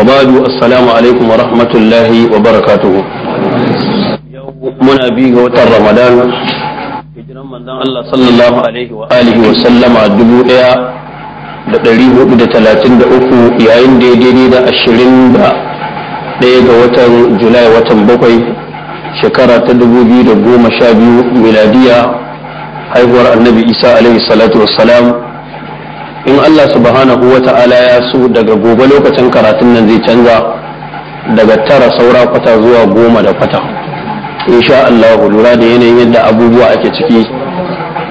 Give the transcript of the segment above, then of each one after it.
وبعد السلام عليكم ورحمة barakatuhu yau muna bi ga watan ramadan hijiran manzon Allah sallallahu alaihi wa alihi wa sallama dubu daya da ɗari hudu da talatin da uku yayin da daidai da ashirin da ɗaya ga watan julai watan bakwai shekara ta dubu biyu da goma sha biyu miladiya haihuwar annabi isa alaihi salatu wassalam in Allah subhanahu wa ta'ala ya so daga gobe lokacin karatun nan zai canza daga tara saura kwata zuwa goma da kwata insha Allah lura da yanayin yadda abubuwa ake ciki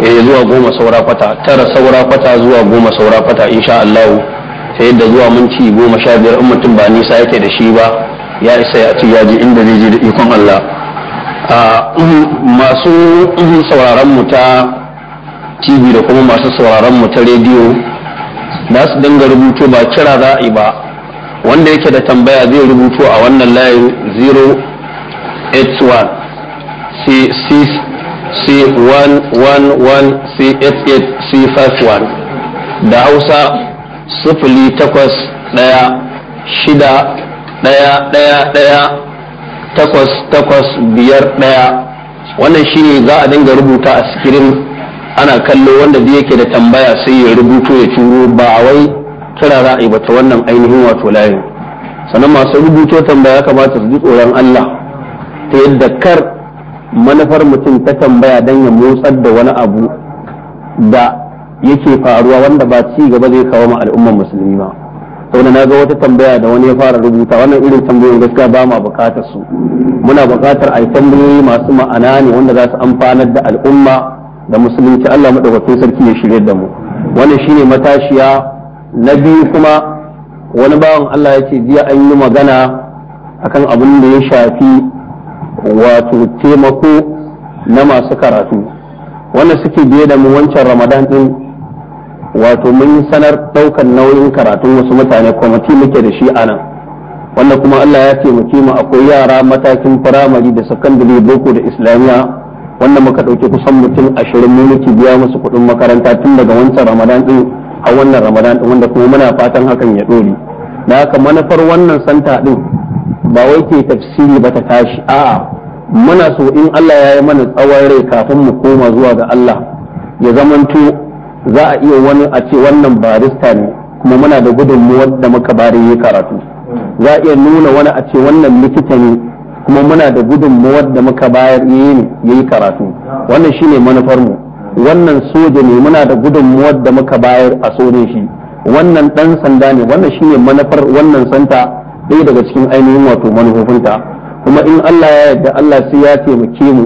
eh zuwa goma saura kwata tara saura kwata zuwa goma saura kwata insha Allah ta yadda zuwa minti goma sha biyar in mutum ba nisa yake da shi ba ya isa ya ci yaji inda zai je da ikon Allah masu sauraron mu ta TV da kuma masu sauraron mu ta rediyo ba su dinga rubuto ba kira za a yi ba wanda yake da tambaya zai rubuto a wannan layin 081 c6 c111 c88 c51 da hausa 081 shida ɗaya ɗaya ɗaya takwas takwas biyar ɗaya wannan shine za a dinga rubuta a sikirin ana kallo wanda da yake da tambaya sai ya rubuto ya turo ba wai kira ra'ayi ba ta wannan ainihin wato layin sannan masu rubuto tambaya kamata su ji tsoron Allah ta yadda kar manufar mutum ta tambaya don ya motsar da wani abu da yake faruwa wanda ba ci gaba zai kawo ma al'ummar musulmi ba sau na ga wata tambaya da wani ya fara rubuta wannan irin tambayoyin gaskiya ba ma bukatar su muna bukatar a tambayoyi masu ma'ana ne wanda za su amfanar da al'umma da musulunci Allah madaukakin sarki ya shirye da mu wani shine matashiya na biyu kuma wani bawan Allah ya ce jiya an yi magana akan abin da ya shafi wato taimako na masu karatu wanda suke biye da mu wancan ramadan din wato mun sanar daukan nauyin karatun wasu mutane kwamiti muke da shi anan wanda kuma Allah ya taimake mu akwai yara matakin firamare da sakandare boko da islamiyya wannan muka ɗauki kusan mutum ashirin ne muke biya musu kuɗin makaranta tun daga wancan ramadan ɗin a wannan ramadan ɗin wanda kuma muna fatan hakan ya ɗore da haka manufar wannan santa din ba wai ke tafsiri ba ta tashi a'a muna so in Allah ya yi mana tsawon rai kafin mu koma zuwa ga Allah ya zamanto za a iya wani a ce wannan barista ne kuma muna da gudunmuwar da muka bari yi karatu za a iya nuna wani a ce wannan likita ne kuma muna da muwar da muka bayar yi ya yi karatu wannan shine mu. wannan soja ne muna da muwar da muka bayar a soja shi wannan dan sanda ne wannan shine manufar wannan santa ɗaya daga cikin ainihin wato manufofinta kuma in Allah ya yarda Allah sai ya taimake mu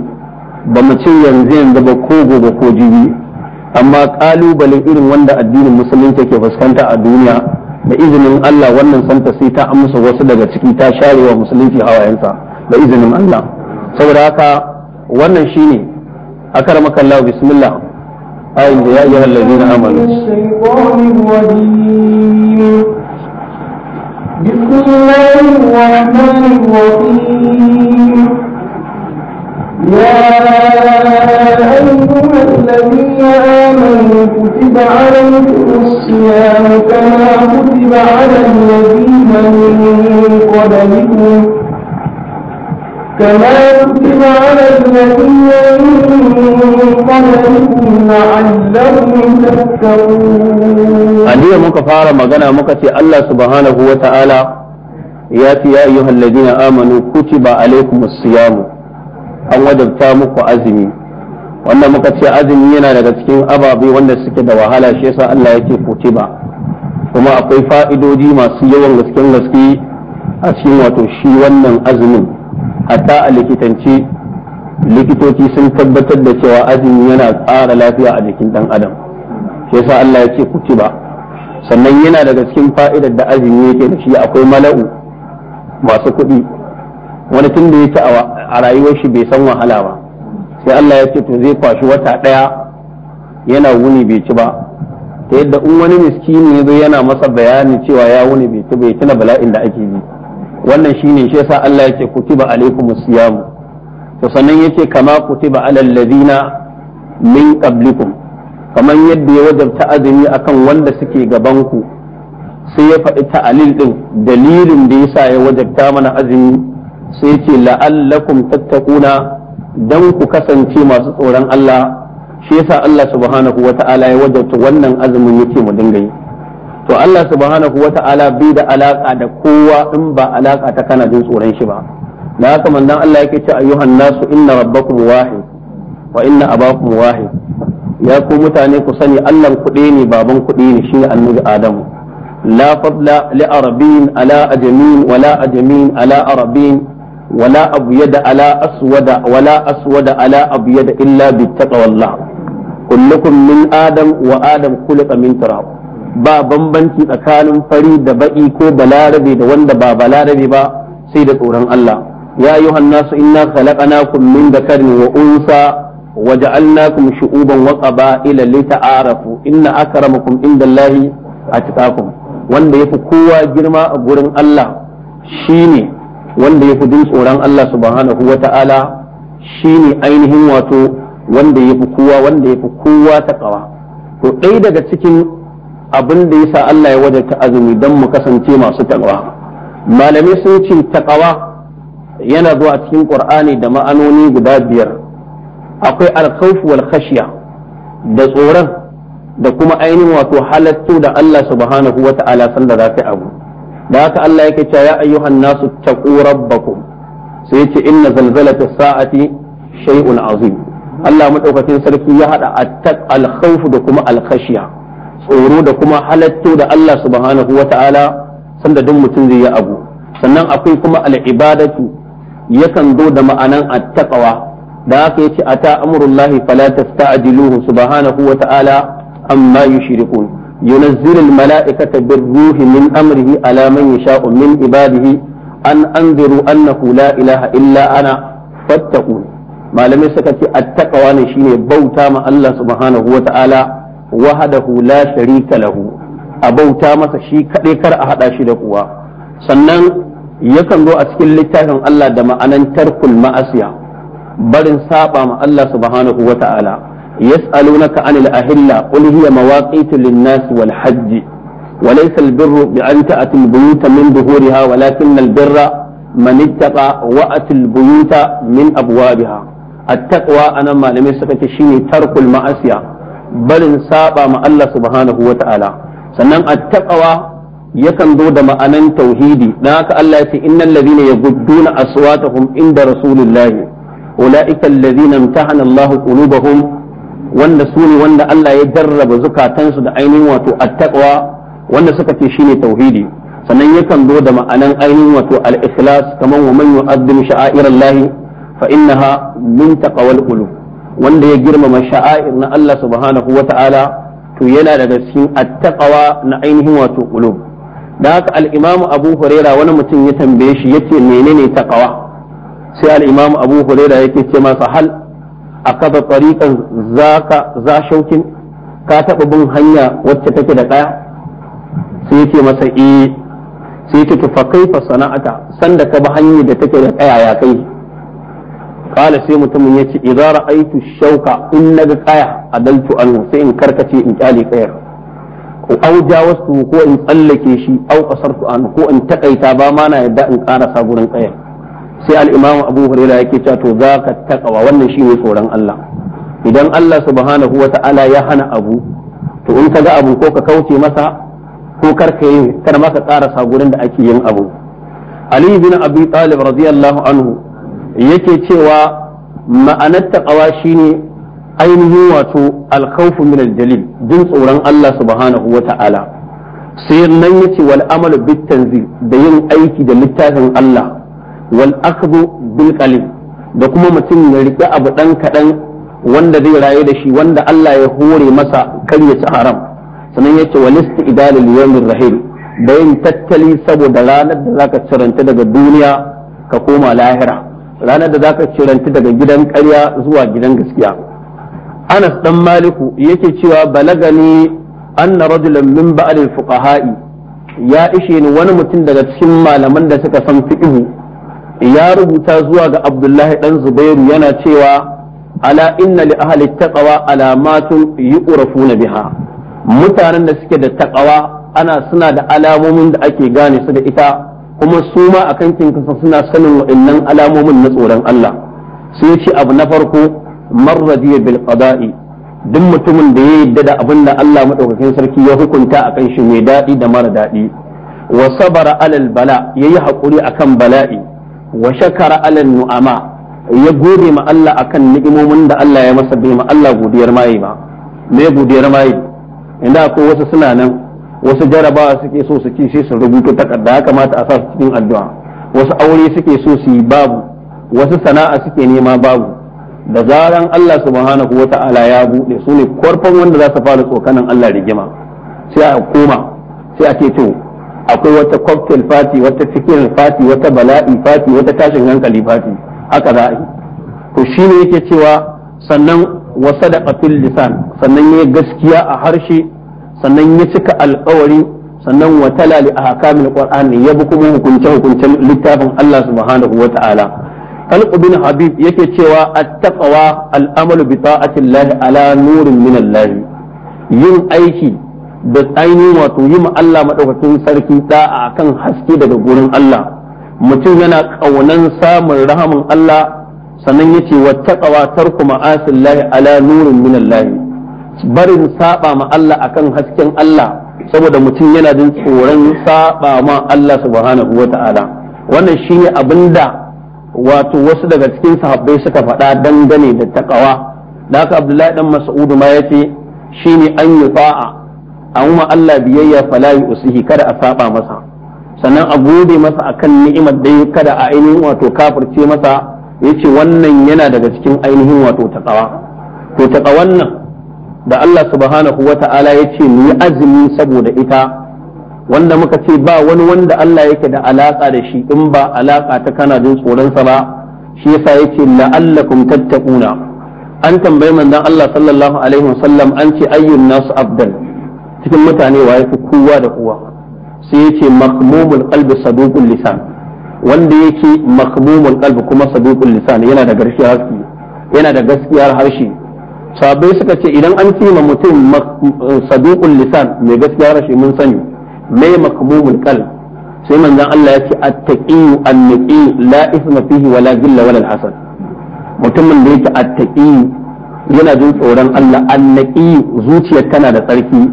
ba mu ce yanzu yanzu ba ko gobe ko jibi amma kalubalen irin wanda addinin musulunci ke fuskanta a duniya da izinin Allah wannan santa sai ta amsa wasu daga ciki ta sharewa musulunci hawayensa da izinin Allah saboda haka wannan shine akar makallahu bismillah ayin da ya yi hallabi na amalu بسم الله الرحمن الرحيم يا أيها الذين آمنوا كتب عليكم الصيام كما كتب على الذين من قبلكم كما كتب على الذين من قبلكم لعلهم تذكرون أدي مكفارة مغنى مكتي الله سبحانه وتعالى ياتي يا أيها الذين آمنوا كتب عليكم الصيام an wajabta muku azumi wannan muka ce azumi yana daga cikin ababe wanda suke da wahala shi yasa Allah yake ba. kuma akwai fa'idodi masu yawan gaske gaske a cikin wato shi wannan azumin hatta a likitance likitoci sun tabbatar da cewa azumi yana ƙara lafiya a jikin ɗan adam shi yasa Allah ya ce ku ci ba sannan yana daga cikin fa'idar da azumi yake da shi akwai mala'u masu kuɗi wani tun da yake a rayuwar shi bai san wahala ba sai Allah ya ce to zai kwashi wata ɗaya yana wuni bai ci ba ta yadda in wani miskini ya zo yana masa bayani cewa ya wuni bai ci bai tuna bala'in da ake yi wannan shine shi yasa Allah yake kutiba alaikumus siyam to sannan yake kama kutiba alal ladina min qablikum kamar yadda ya wajabta azumi akan wanda suke gaban ku sai ya faɗi ta'alil din dalilin da yasa ya wajabta mana azumi sai yace la'allakum tattaquna dan ku kasance masu tsoron Allah shi yasa Allah subhanahu wata'ala ya wajabta wannan azumin yake mu dinga yi to Allah subhanahu ta'ala bai da alaka da kowa in ba alaka ta kana jin tsoron shi ba da haka manzon Allah yake ci ayyuhan nasu inna rabbakum wahid wa inna abakum wahid ya ku mutane ku sani Allah kuɗi ne baban kuɗi ne shine annabi Adamu la fadla li arabin ala ajamin wala ajamin ala arabin wala abyad ala aswada wala aswada ala abyad illa bi taqwallah kullukum min adam wa adam khuliqa min turab ba bambanci tsakanin fari da baki ko balarabe da wanda ba balarabe ba sai da tsoron Allah ya yi hannasu inna khalaqnakum min dhakarin wa unsa wa ja'alnakum shu'uban wa qaba'ila lita'arafu inna akramakum indallahi atqakum wanda yafi kowa girma a gurin Allah shine wanda yafi jin tsoron Allah subhanahu wata'ala shine ainihin wato wanda yafi kowa wanda yafi kowa taqwa to ɗaya daga cikin abin da ya sa Allah ya ta azumi don mu kasance masu takawa malamai sun ce takawa yana zuwa a cikin Ƙur'ani da ma'anoni guda biyar akwai alkhawf wal khashiya da tsoron da kuma ainihin wato halattu da Allah subhanahu wa ta'ala za ka abu da haka Allah yake cewa ya ayyuhan nasu taqu rabbakum sai yace inna zalzalata sa'ati shay'un azim Allah madaukakin sarki ya hada at-khawf da kuma al-khashiya tsoro da kuma halatto da Allah subhanahu wa ta'ala sanda duk mutum zai yi abu sannan akwai kuma al'ibadatu yakan zo da ma'anan attaƙawa da haka yace ata amrullahi fala tasta'jiluhu subhanahu wa ta'ala amma yushrikun yunazzilu al-mala'ikata bir-ruhi min amrihi ala man yasha'u min ibadihi an anziru annahu la ilaha illa ana fattaku malamai suka ce attaqwa ne shine bauta ma Allah subhanahu wa ta'ala wahdahu la sharika lahu a bauta masa shi kaɗai kar a haɗa shi da kuwa sannan yakan zo a cikin littafin Allah da ma'anan tarkul ma'asiya barin saɓa ma Allah subhanahu wa ta'ala yas'alunaka anil ahilla qul hiya mawaqitu lin-nas wal hajj وليس البر بأن تأتي البيوت من ظهورها ولكن البر من اتقى وأتي البيوت من أبوابها التقوى أنا ما لم يسكت شيء ترك المعصية barin saba ma Allah subhanahu wa ta'ala sannan attaqwa yakan zo da ma'anan tauhidi dan haka Allah ya ce innal ladina yaghudduna aswatahum inda rasulillahi ulaika alladhina imtahana Allah qulubahum wanda su ne wanda Allah ya jarraba zukatansu da ainihin wato attaqwa wanda suka ce shine tauhidi sannan yakan zo da ma'anan ainihin wato al-ikhlas kamar wa man yu'azzim sha'airallahi fa innaha min taqwal qulub wanda ya girmama sha'air na Allah subhanahu wa ta'ala to yana daga cikin attaqawa na ainihin wato qulub da haka al-imam Abu Huraira wani mutum ya tambaye shi yace menene taqawa sai al-imam Abu Huraira yake ce masa hal akaba tariqan zaka za shaukin ka taba bin hanya wacce take da kaya sai yace masa eh sai to fa kaifa sana'ata sanda ka bi hanyar da take da kaya ya kai qala sai mutumin ya yace idza ra'aytu shauka in naga kaya a dan anhu sai in karkace in kyale kayar ko au jawastu ko in tsallake shi au ƙasar anhu ko in takaita ba ma na yadda in karasa gurin kayar sai al-imamu abu hurairah yake cewa to zaka takawa wannan shine tsoron Allah idan Allah subhanahu wata'ala ya hana abu to in kaga abu ko ka kauce masa ko karka yi kar maka karasa gurin da ake yin abu Ali bin Abi Talib radiyallahu anhu yake cewa ma'anar ƙawa shine ainihin wato alkhawfu min aljalil jin tsoron Allah subhanahu wa ta'ala sai nan yace wal amalu bit da yin aiki da littafin Allah wal akhdhu bil qalil da kuma mutum ya riƙe abu dan kaɗan wanda zai raye da shi wanda Allah ya hore masa kar ya ci haram sannan ya ce walisti idalil yawmin rahil da yin tattali saboda ranar da zaka ciranta daga duniya ka koma lahira ranar da zaka ciranti daga gidan ƙarya zuwa gidan gaskiya Anas dan Maliku yake cewa balagani anna rajulan min ba'd fuqaha'i ya ishe ni wani mutum daga cikin malaman da suka san fiqhu ya rubuta zuwa ga Abdullahi dan Zubairu yana cewa ala inna li ahli taqwa alamatun yu'rafuna biha mutanen da suke da taqwa ana suna da alamomin da ake gane su da ita kuma su ma a kan kinkansa suna sanin waɗannan alamomin na tsoron Allah sai ce abu na farko marradiya bil qada'i duk mutumin da ya yadda da abin da Allah madaukakin sarki ya hukunta a kan shi mai daɗi da mara daɗi wa sabara alal bala yayi hakuri akan bala'i wa shakara alal nu'ama ya gode ma Allah akan ni'imomin da Allah ya masa bai ma Allah godiyar mai ba me godiyar mai inda akwai wasu suna nan wasu jarabawa suke so su ci sai su rubuto takarda ya kamata a sa su cikin addu'a wasu aure suke so su yi babu wasu sana'a suke nema babu da zaran Allah subhanahu wata'ala ya buɗe su ne korfan wanda za su fara tsokanin Allah rigima sai a koma sai a ce to akwai wata cocktail party wata cikin party wata bala'i party wata tashin hankali party haka za a yi to shine yake cewa sannan wa da lisan sannan ya gaskiya a harshe sannan ya cika alkawari sannan wa tala li ahkamil qur'ani ya bi kuma hukunce hukuncen littafin Allah subhanahu wa ta'ala talq bin habib yake cewa at-taqwa al bi ta'ati Allah ala nurin min Allah yin aiki da tsaini wato yi ma Allah madaukakin sarki da'a akan haske daga gurin Allah mutum yana kaunan samun rahamin Allah sannan yace wa taqwa tarku ma'asillahi ala nurin min Allah barin saba ma Allah akan hasken Allah saboda mutum yana jin tsoron saba ma Allah subhanahu wata'ala wannan shine abinda wato wasu daga cikin sahabbai suka faɗa dangane da takawa da haka Abdullahi dan Mas'ud ma yace shine an yi fa'a an ma Allah biyayya fala usihi kada a saba masa sannan a gode masa akan ni'imar da kada a ainihin wato kafirce masa yace wannan yana daga cikin ainihin wato takawa to takawan nan da Allah subhanahu wa ta'ala ya ce ni azumi saboda ita wanda muka ce ba wani wanda Allah yake da alaka da shi in ba alaka ta kana jin tsoronsa ba shi yasa ce la'allakum tattaquna an tambayi manzon Allah sallallahu alaihi wasallam an ce ayyun nasu abdal cikin mutane waye fi kowa da kowa sai yace maqmumul qalbi saduqul lisan wanda yake maqmumul qalbi kuma saduqul lisan yana da gaskiyar harshe yana da gaskiyar harshe sabai suka ce idan an ce ma mutum saduqul lisan mai gaskiya rashi mun sani mai makmumul kal sai manzon Allah ya ce attaqi annaqi la isma fihi wala gilla wala hasan mutumin da yake attaqi yana jin tsoron Allah annaqi zuciyar tana da tsarki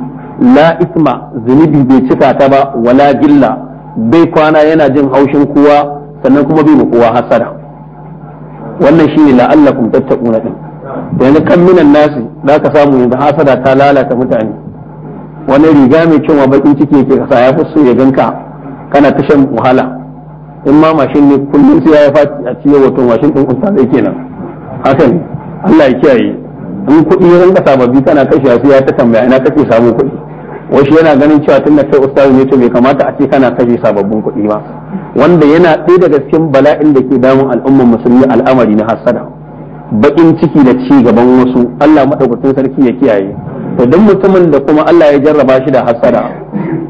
la isma zunubi bai cika ta ba wala gilla bai kwana yana jin haushin kowa sannan kuma bai ma kowa hasara wannan shine la'allakum tattaquna din yanzu kan minan nasi za ka samu yanzu hasada ta lalata mutane wani riga mai cin wa bakin ciki yake kasa ya fi so ya ganka kana ta shan wahala in ma mashin ne kullum sai ya yi faci a ciye wato mashin din kunta zai kenan hakan Allah ya kiyaye in kuɗi ya ranka sababbi kana kashi sai ya ta tambaya ina kake samu kuɗi wasu yana ganin cewa tun da kai ustazu ne to bai kamata a ce kana kashe sababbin kuɗi ba wanda yana ɗaya daga cikin bala'in da ke damun al'ummar musulmi al'amari na hassada Baƙin ciki da ci gaban wasu Allah madaukakin sarki ya kiyaye to duk mutumin da kuma Allah ya jarraba shi da hasada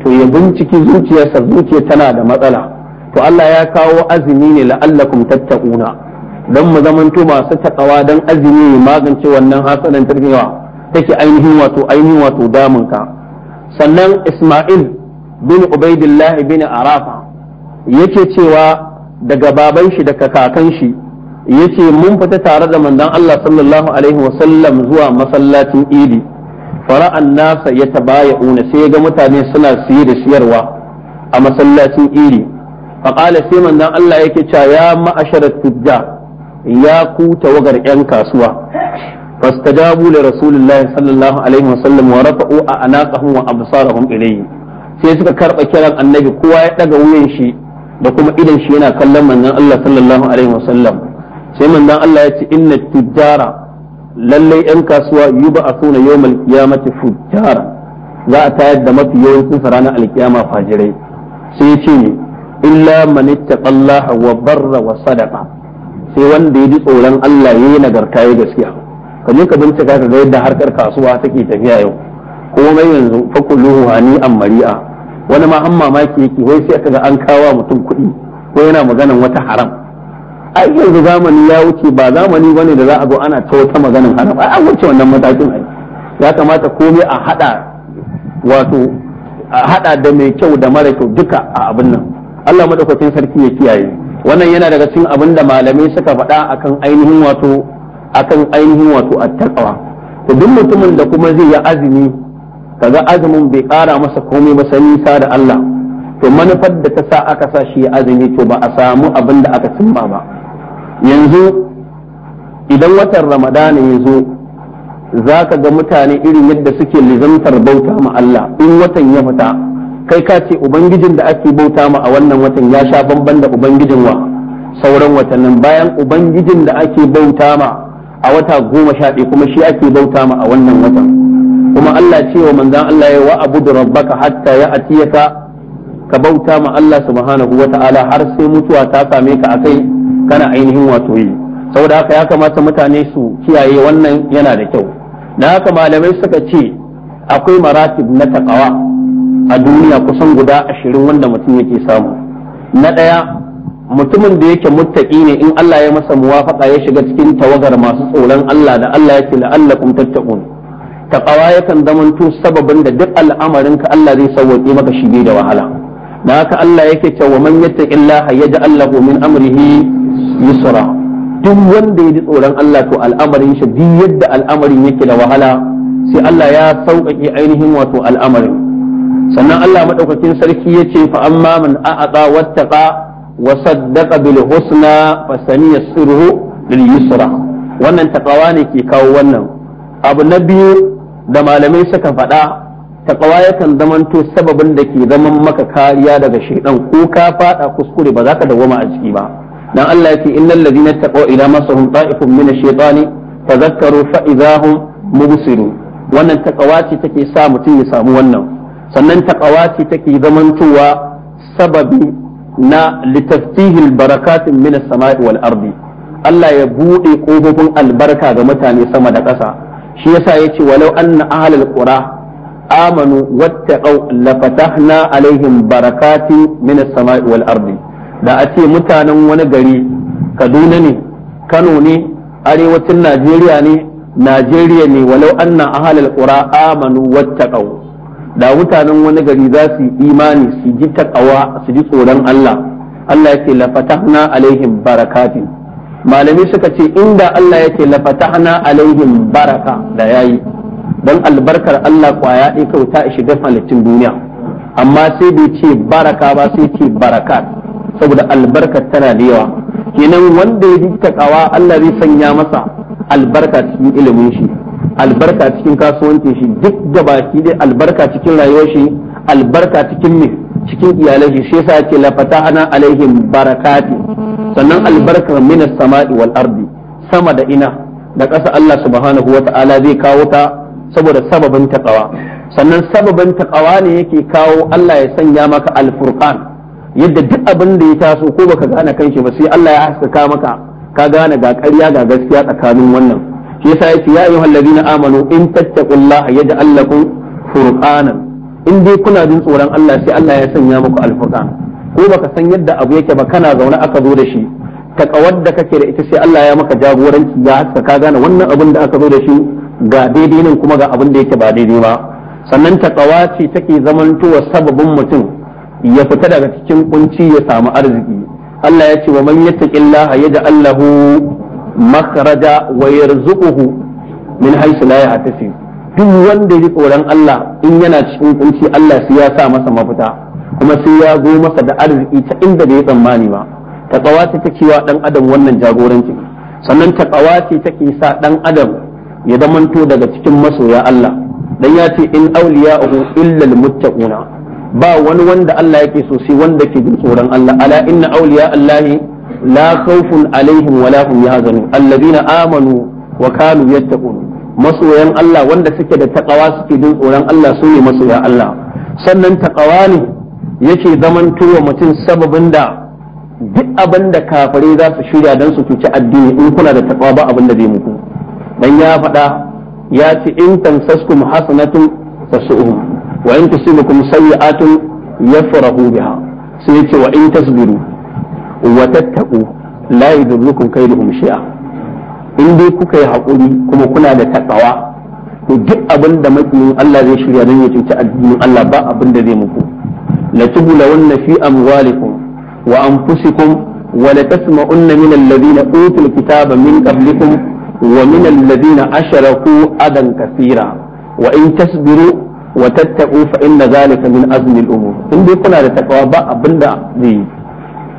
to ya binciki zuciyarsa zuciyar tana da matsala to Allah ya kawo azumi ne la'allakum tattauna dan mu zamanto masu takawa dan azumi ne magance wannan hasadan tarkewa take ainihin wato ainihin wato damun ka sannan Isma'il bin Ubaidillah bin Arafa yake cewa daga baban shi daga kakan shi yace mun fita tare da manzon Allah sallallahu alaihi wasallam zuwa masallacin idi fara'an nasa ya tabaya'una sai ga mutane suna siye da siyarwa a masallacin idi faƙala sai manzon Allah yake cewa ya ma'ashara tujja ya ku tawagar yan kasuwa fastajabu li rasulillahi sallallahu alaihi wasallam wa rafa'u a anaqahum wa absarahum ilayhi sai suka karba kiran annabi kowa ya daga wuyan shi da kuma idan shi yana kallon manzon Allah sallallahu alaihi wasallam sai manzon Allah ya ce inna tujjara lalle yan kasuwa yuba asuna yawmal qiyamati fujjara za a tayar da mafi yawancin sa ranar alkiyama fajirai sai ya ce illa man ittaqallaha wa barra wa sadaqa sai wanda ya ji tsoron Allah yayi nagarta ya gaskiya ka je ka bincika ka ga yadda harkar kasuwa take tafiya yau komai yanzu fakuluhu hani an mari'a wani ma an mamaki yake wai sai aka ga an kawo mutum kuɗi ko yana maganan wata haram ai yanzu zamani ya wuce ba zamani bane da za a zo ana ta wata maganin haram ai an wuce wannan matakin ai ya kamata komai a hada wato a hada da mai kyau da mara kyau duka a abin nan Allah madaukakin sarki ya kiyaye wannan yana daga cikin abin da malamai suka faɗa akan ainihin wato akan ainihin wato attaqwa to duk mutumin da kuma zai yi azumi kaga azumin bai ƙara masa komai ba sai nisa da Allah to manufar da ta sa aka sa shi azumi to ba a samu abin da aka cimma ba yanzu idan watan ramadana ya zo za ka ga mutane irin yadda suke lizantar bauta ma Allah in watan ya fita kai ka ce ubangijin da ake bauta ma a wannan watan ya sha bamban da ubangijin wa sauran watannin bayan ubangijin da ake bauta ma a wata goma sha ɗaya kuma shi ake bauta ma a wannan watan kuma Allah ce wa manzan Allah ya wa abu da rabbaka hatta ya atiyaka ka bauta ma Allah subhanahu wa ta'ala har sai mutuwa ta same ka akai kana ainihin wato yi saboda haka ya kamata mutane su kiyaye wannan yana da kyau da haka malamai suka ce akwai maratib na takawa a duniya kusan guda ashirin wanda mutum yake samu na ɗaya mutumin da yake muttaki ne in Allah ya masa muwafaka ya shiga cikin tawagar masu tsoron Allah da Allah yake la'allakum tattaqun taqawa yakan zamanto sababin da duk al'amarin ka Allah zai sauwaƙe maka shige da wahala da haka Allah yake cewa man yattaqillaha yaj'al lahu min amrihi yusra duk wanda ya ji tsoron Allah to al'amarin shi duk yadda al'amarin yake da wahala sai Allah ya sauƙaƙe ainihin wato al'amarin sannan Allah madaukakin sarki ya ce fa amma man a'ata wattaqa wa saddaqa bil husna fa saniya sirru lil yusra wannan taqawa ne ke kawo wannan abu na biyu da malamai suka faɗa taqawa yakan zamanto sababin da ke zaman maka kariya daga shaidan ko ka faɗa kuskure ba za ka dawwama a ciki ba dan Allah yake innal ladina taqaw ila masahum ta'ifun min ash-shaytani fadhakkaru fa idahum mubsirun wannan takawa ce take sa mutum ya samu wannan sannan takawa ce take zamantowa sababi na litaftihil barakacin min as-sama'i wal ardi Allah ya bude kofofin albarka ga mutane sama da ƙasa shi yasa yace walau anna ahlal qura amanu wattaqau lafatahna alaihim barakacin min as-sama'i wal ardi da a ce mutanen wani gari kaduna ne kano ne arewacin najeriya ne najeriya ne walau anna ahalal qura amanu kawo da mutanen wani gari za su imani su ji takawa su ji tsoron Allah Allah yake la fatahna alaihim barakatin malami suka ce inda Allah yake la fatahna alaihim baraka da yayi dan albarkar Allah kwaya ya kauta shiga halittun duniya amma sai bai ce baraka ba sai ce barakat saboda albarka tana da yawa kenan wanda ya bi kawa Allah zai sanya masa albarka cikin ilimin shi albarka cikin kasuwanci shi duk da baki dai albarka cikin rayuwar shi albarka cikin me cikin iyalai shi shi yasa yake la fatahana alaihim barakati sannan albarkar minas sama'i wal ardi sama da ina da ƙasa Allah subhanahu wa ta'ala zai kawo ta saboda sababin taqawa sannan sababin taqawa ne yake kawo Allah ya sanya maka alfurqan yadda duk abin da ya taso ko baka gane kanshi ba sai Allah ya haskaka maka ka gane ga ƙarya ga gaskiya tsakanin wannan shi yasa yake ya ayyuhal ladina amanu in tattaqullaha yaj'al lakum furqanan in dai kuna jin tsoron Allah sai Allah ya sanya muku alfurqan ko baka san yadda abu yake ba kana zaune aka zo da shi ta kawar da kake da ita sai Allah ya maka jagoranci ya haska ka gane wannan abin da aka zo da shi ga daidai nan kuma ga abin da yake ba daidai ba sannan takawa ce take zamantowa sababin mutum ya fita daga cikin kunci ya samu arziki Allah ya ce wa man yattaqillaha yaj'al lahu makhraja wa yarzuquhu min haythu la yahtasib duk wanda ya tsoron Allah in yana cikin kunci Allah sai ya sa masa mafita kuma sai ya zo masa da arziki ta inda bai tsammani ba Ta kawace ta cewa dan adam wannan jagoranci sannan kawace ce take sa dan adam ya zamanto daga cikin masoya Allah dan ya ce in awliya'uhu illa al-muttaquna ba wani wanda Allah yake so sai wanda ke jin tsoron Allah ala inna awliya Allah la khawfun alaihim wala hum yahzanun alladhina amanu wa kanu yattaqun masoyan Allah wanda suke da takawa suke jin tsoron Allah su ne masoya Allah sannan takawa ne yake zamanto wa mutum sababin da duk abin da kafare za su shirya don su cuci addini in kuna da takawa ba abin da zai muku dan ya faɗa ya ce in tansaskum hasanatun tasu'um wa in tusibukum sayyi'atun yafrahu biha sai yace wa in tasbiru wa tattaqu la yadurrukum kaiduhum shay'a in dai kuka yi hakuri kuma kuna da takawa to duk abin da makiyin Allah zai shirya don ya cuci addinin Allah ba abin da zai muku la tublawanna fi amwalikum wa anfusikum ولتسمعن من الذين أوتوا الكتاب من قبلكم ومن الذين أشركوا أذى كثيرا وإن تصبروا wa tattaqu fa inna zalika min azmi al-umur in dai kuna da takawa ba abinda zai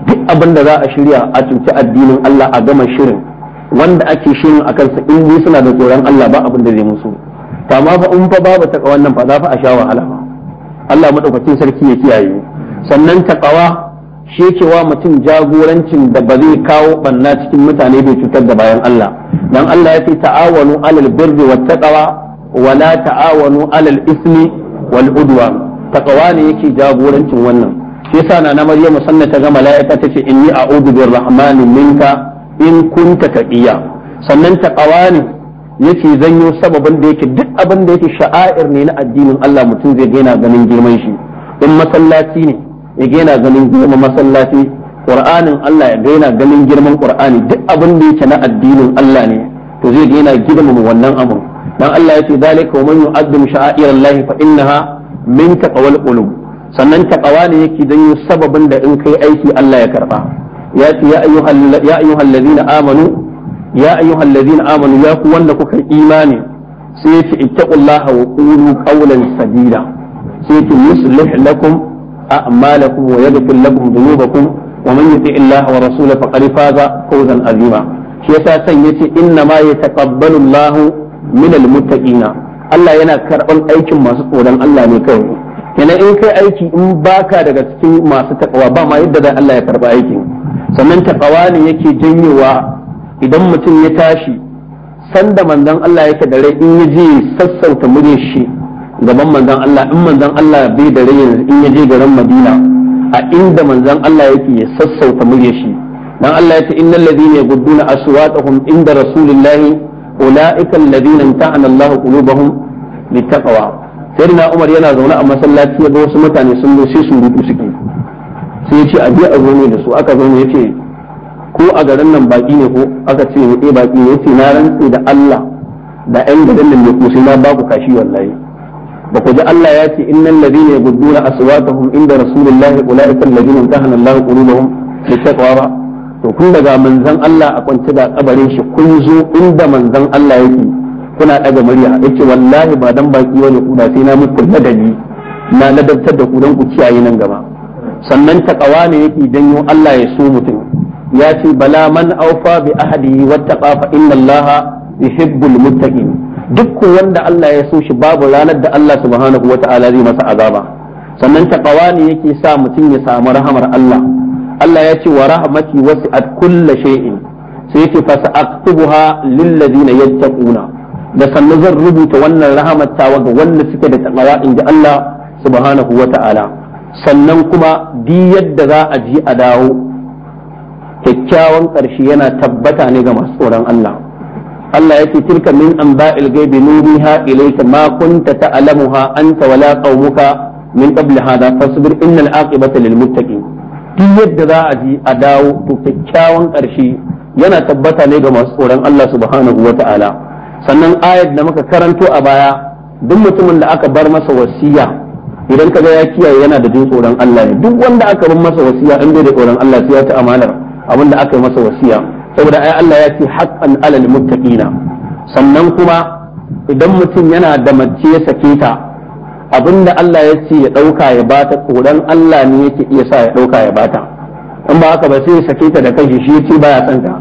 duk abinda za a shirya a cuci addinin Allah a gama shirin wanda ake shirin a kansa in dai suna da tsoron Allah ba abinda zai musu to amma fa in fa babu takawa nan fa za fa a sha wahala ba Allah madaukakin sarki ya kiyaye sannan takawa shi yake wa mutum jagorancin da ba zai kawo ɓanna cikin mutane bai cutar da bayan Allah dan Allah ya ce ta'awanu alal birri wala ta'awanu alal ismi wal'uduwa udwan takawa ne yake jagorancin wannan shi yasa na na maryamu sanna ta ga mala'ika tace inni a'udhu birrahmani minka in kunta taqiya sannan takawa ne yake zanyo sababin da yake duk abin da yake sha'air ne na addinin Allah mutum zai gaina ganin girman shi in masallaci ne ya gaina ganin girman masallaci qur'anin Allah ya gaina ganin girman qur'ani duk abin da yake na addinin Allah ne to zai gaina girmama wannan abin dan Allah yace zalika wa man yu'azzim sha'air Allah fa innaha min taqwal qulub sannan taqwa ne yake dan sababin da in kai aiki Allah ya karba ya ce ya ayyuhal ya ayyuhal ladina amanu ya ayyuhal ladina amanu ya ku wanda kuka imani sai yace ittaqullaha wa qulu qawlan sadida sai yace yuslih lakum a'malakum wa yaghfir lakum dhunubakum ومن يطع الله ورسوله فقد فاز فوزا عظيما شيء سان يتي انما يتقبل الله minal muttaqina Allah yana karɓan aikin masu tsoron Allah ne kawai kenan in kai aiki in baka daga cikin masu takawa ba ma yadda dan Allah ya karɓa aikin sannan takawa ne yake janyewa idan mutum ya tashi sanda manzon Allah yake da rai in ya je sassauta muryar shi gaban manzon Allah in manzon Allah bai da rai yanzu in ya je garin Madina a inda manzon Allah yake ya sassauta muryar shi dan Allah ya ce innal ladina yaqudduna aswatahum inda rasulillahi أولئك الذين امتحن الله قلوبهم للتقوى سيدنا عمر yana zaune a masallaci ya wasu mutane sun zo sai su rubu sai ya ce a je a zo ne da su aka zo ya ce ko a garin nan baki ne ko aka ce ne baki ne ya ce na rantse da Allah da ƴan garin nan ne ko na ba ku kashi wallahi ba ji Allah ya ce innal ladina yabudduna aswatahum inda rasulillahi ulaika alladina imtahana ba to kun daga manzan Allah a kwance da kabarin shi kun zo inda manzan Allah yake kuna daga murya yace wallahi ba dan baki wani kuda sai na muku ladabi na ladabtar da ku dan ku kiyaye nan gaba sannan takawa ne yake janyo Allah ya so mutum ya ce bala man aufa bi ahadi wattaqa fa inna Allah yuhibbul muttaqin duk wanda Allah ya so shi babu ranar da Allah subhanahu wata'ala zai masa azaba sannan takawa ne yake sa mutum ya samu rahamar Allah Allah ya ce wa rahmati wasi'at kulla shay'in sai yace fa sa'aktubuha lil ladina yattaquna da sannan zan rubuta wannan rahamattawa ga wanda suke da takawa inda Allah subhanahu wata'ala sannan kuma di yadda za a ji a dawo kyakkyawan ƙarshe yana tabbata ne ga masu tsoron Allah Allah ya ce tilka min anba'il ghaibi nuriha ilayka ma kunta ta'lamuha anta wala qaumuka min qabli hada fasbir innal aqibata lil muttaqin duk yadda za a ji a dawo to kyakkyawan ƙarshe yana tabbata ne ga masu tsoron Allah subhanahu wa ta'ala sannan ayat da muka karanto a baya duk mutumin da aka bar masa wasiya idan kaga ya kiyaye yana da jin tsoron Allah ne duk wanda aka bar masa wasiya in bai da tsoron Allah sai ya ta amanar abin da aka yi masa wasiya saboda ai Allah ya ce haqqan alal muttaqina sannan kuma idan mutum yana da mace ya sake ta Abin da Allah ya ce ya ɗauka ya bata koran Allah ne yake iya sa ya ɗauka ya bata in ba haka ba sai ya sake ta da kanshi shi ce baya son ta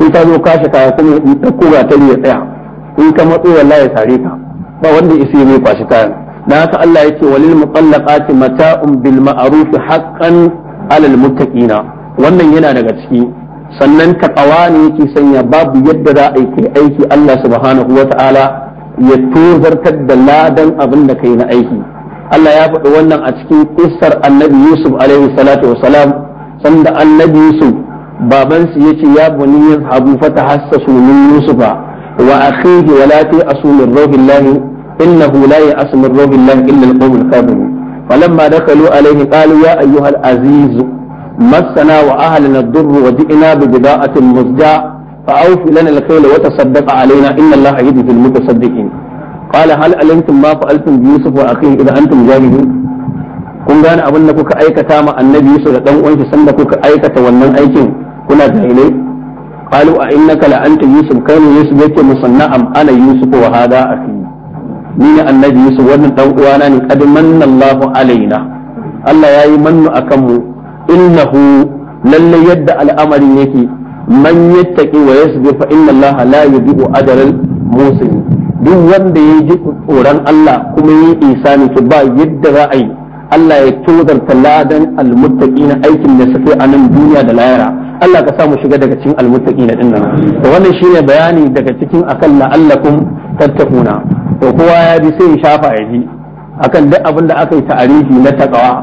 sai ta zo kashe kaya kuma in ɗauko ga ta ya tsaya in ka matso wallahi ya sare ka ba wanda isi ne kwashi kayan dan haka Allah ya ce walil mutallaqati mata'un bil ma'ruf haqqan alal muttaqina wannan yana daga ciki sannan ƙawa ne yake sanya babu yadda za a yi aiki Allah subhanahu wa ta'ala ya tozartar da ladan abin da kai na aiki Allah ya faɗi wannan a cikin kisar annabi Yusuf alaihi salatu salam sanda annabi Yusuf babansu yace ya bani yazhabu fatahassasu min Yusufa wa akhihi wa la ta'asu min ruhillahi innahu la ya'asu min ruhillahi illa al-qawmul kafirun falamma dakalu alayhi qalu ya ayyuhal aziz massana wa ahlana ad-durr wa ji'na bi bida'atin muzja' فأوفوا لنا الخيل وتصدق علينا إن الله يجزي المتصدقين قال هل علمتم ما فعلتم بيوسف وأخيه إذا أنتم جاهلون kun gane abin da kuka aikata ma annabi Yusuf da dan uwansa sanda kuka aikata wannan aikin kuna jahilai qalu a innaka la anta yusuf kana yusuf yake musanna am ana yusuf wa hada akhi ni ne annabi yusuf wannan dan uwana ne qad manna Allahu alaina Allah yayi mannu akan mu innahu lalle yadda al'amarin yake man yattaqi wa yasbir fa inna allaha la yudhi'u ajral musin duk wanda ya ji tsoron Allah kuma ya yi isani to ba yadda za a yi Allah ya tozarta ladan na aikin da suke a nan duniya da layara. Allah ka samu shiga daga cikin almuttaqina na nan to wannan shine bayani daga cikin akan la'allakum tattakuna. to kowa ya bi sai ya shafa ya ji akan duk abin da aka yi ta'arifi na takawa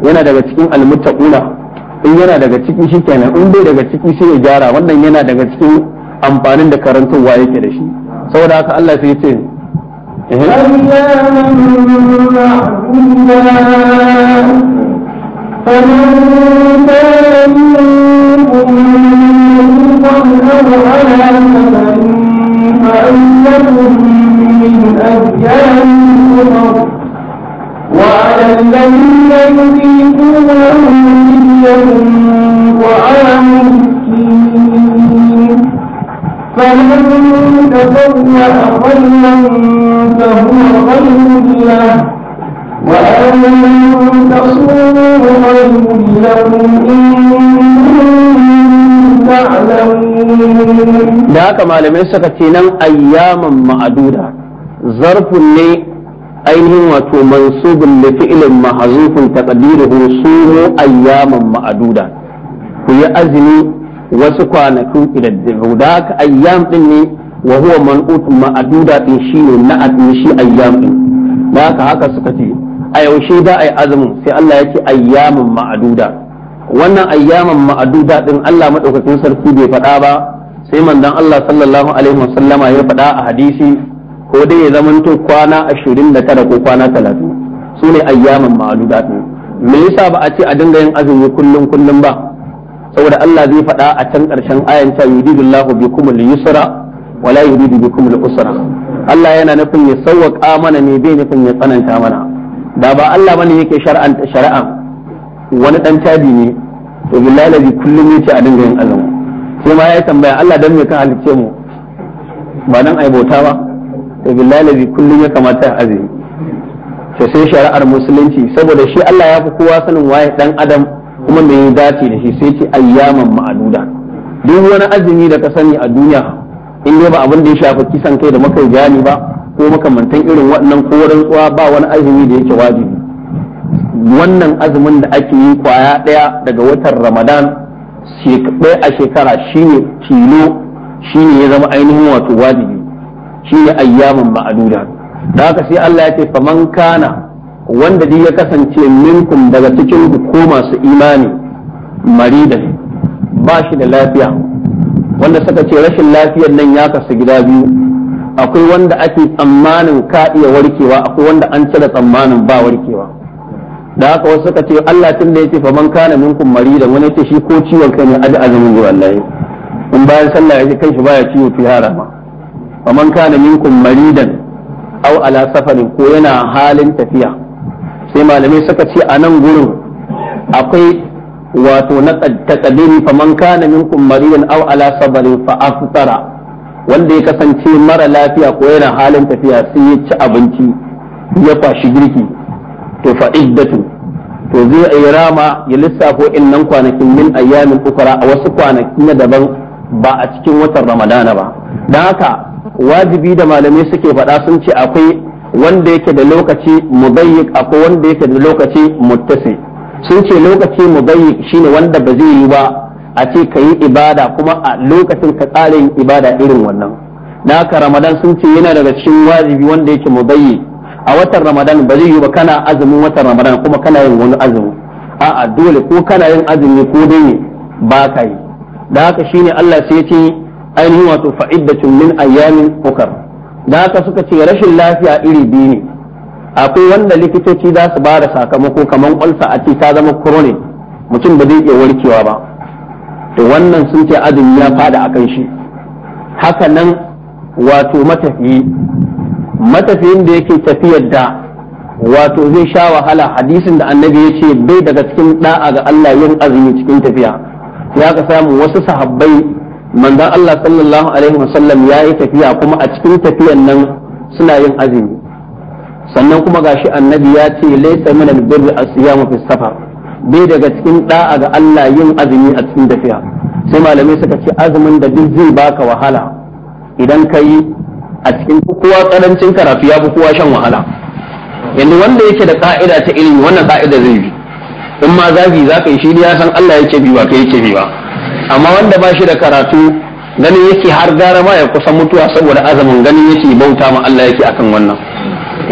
yana daga cikin almuttaquna in yana daga ciki shi kenan in bai daga ciki sai ya gyara wannan yana daga cikin amfanin da karantarwa yake da shi saboda haka Allah sai ya ce malamai suka ce nan ayyaman ma'aduda zarfin ne ainihin wato mansubin li fi'lin mahzufun taqdiruhu sumu ayyaman ma'aduda ku yi azumi wasu kwanakin idaddaru da haka ayyam din ne wa huwa ma'aduda din shi ne na shi ayyam din da haka haka suka ce a yaushe za a yi azumin sai Allah ya ce ayyaman ma'aduda wannan ayyaman ma'aduda din Allah madaukakin sarki bai faɗa ba sai manzon Allah sallallahu alaihi wasallama ya faɗa a hadisi ko dai ya zamanto kwana 29 ko kwana 30 su ne ayyaman ma'aludat me yasa ba a ce a dinga yin azumi kullum kullum ba saboda Allah zai faɗa a can ƙarshen ayan ta yuridullahu bikum al-yusra wala yuridu bikum al-usra Allah yana nufin ya sauwaƙa mana ne bai nufin ya tsananta mana da ba Allah bane yake shar'an shari'a wani dan tabi ne to billahi kullum yace a dinga yin azumi sai ma ya yi tambaya Allah dan me ka halicce mu ba a ai bauta ba to billahi kullum ya kamata a azumi to sai shari'ar musulunci saboda shi Allah ya fi kowa sanin waye dan adam kuma me dace da shi sai ce ayyaman ma'aduda duk wani azumi da ka sani a duniya in dai ba abin da ya shafi kisan kai da makai jani ba ko makamantan irin waɗannan ko rantsuwa ba wani azumi da yake wajibi wannan azumin da ake yi kwaya ɗaya daga watan ramadan ɗaya a shekara shi ne tilo shi ne ya zama ainihin wato wajibi ne ayyamin ma'aduda da haka sai Allah ya ce faman kana wanda duk ya kasance minkum daga cikin ku ko masu imani marida ba shi da lafiya wanda suka ce rashin lafiyar nan ya kasu gida biyu akwai wanda ake tsammanin ka iya warkewa akwai wanda an cire tsammanin ba warkewa da haka wasu suka ce Allah tun da yake fa man kana minkum Maridan wani yace shi ko ciwon kai ne aji azumin zuwa Allah in bayan sallah yake kai shi baya ciwo fi harama fa man kana minkum maridan aw ala safarin ko yana halin tafiya sai malamai suka ce a nan gurin akwai wato na taqdiri fa man kana minkum maridan aw ala safarin fa aftara wanda ya kasance mara lafiya ko yana halin tafiya sai ya ci abinci ya kwashi girki to fa iddatu to zai yi rama ya lissafo innan kwanakin min ayyamin ukra a wasu kwanaki na daban ba a cikin watan ramadana ba dan haka wajibi da malamai suke faɗa sun ce akwai wanda yake da lokaci mubayyik akwai wanda yake da lokaci muttasi sun ce lokaci mubayyik shine wanda ba zai yi ba a ce ka yi ibada kuma a lokacin ka tsara yin ibada irin wannan dan haka ramadan sun ce yana daga cikin wajibi wanda yake mubayyik a watan ramadan ba zai yi ba kana azumin watan ramadan kuma kana yin wani azumi a'a dole ko kana yin azumi ko dai ne ba ka yi da haka shine Allah sai ya ce ainihin wato fa'iddatun min ayyamin ukar da haka suka ce rashin lafiya iri biyu ne akwai wanda likitoci za su ba sakamako kamar kwalsa a ce ta zama chronic mutum ba zai iya warkewa ba to wannan sun ce azumi ya fada akan shi haka nan wato matafiyi matafiyin da yake tafiyar da wato zai sha wahala hadisin da annabi ya ce bai daga cikin da'a ga Allah yin azumi cikin tafiya ya ka samu wasu sahabbai manzon Allah sallallahu alaihi wasallam ya yi tafiya kuma a cikin tafiyan nan suna yin azumi sannan kuma gashi annabi ya ce laysa min albirr as-siyamu fi safar bai daga cikin da'a ga Allah yin azumi a cikin tafiya sai malamai suka ce azumin da duk zai baka wahala idan ka yi a cikin kowa karancin karatu ya fi kowa shan wahala yanzu wanda yake da ka'ida ta ilimi wannan ka'ida zai bi in ma zafi za ka yi shi ya san Allah yake bi ba ka yake bi ba amma wanda ba shi da karatu ganin yake har gara ma ya kusan mutuwa saboda azamin ganin yake bauta ma Allah yake akan wannan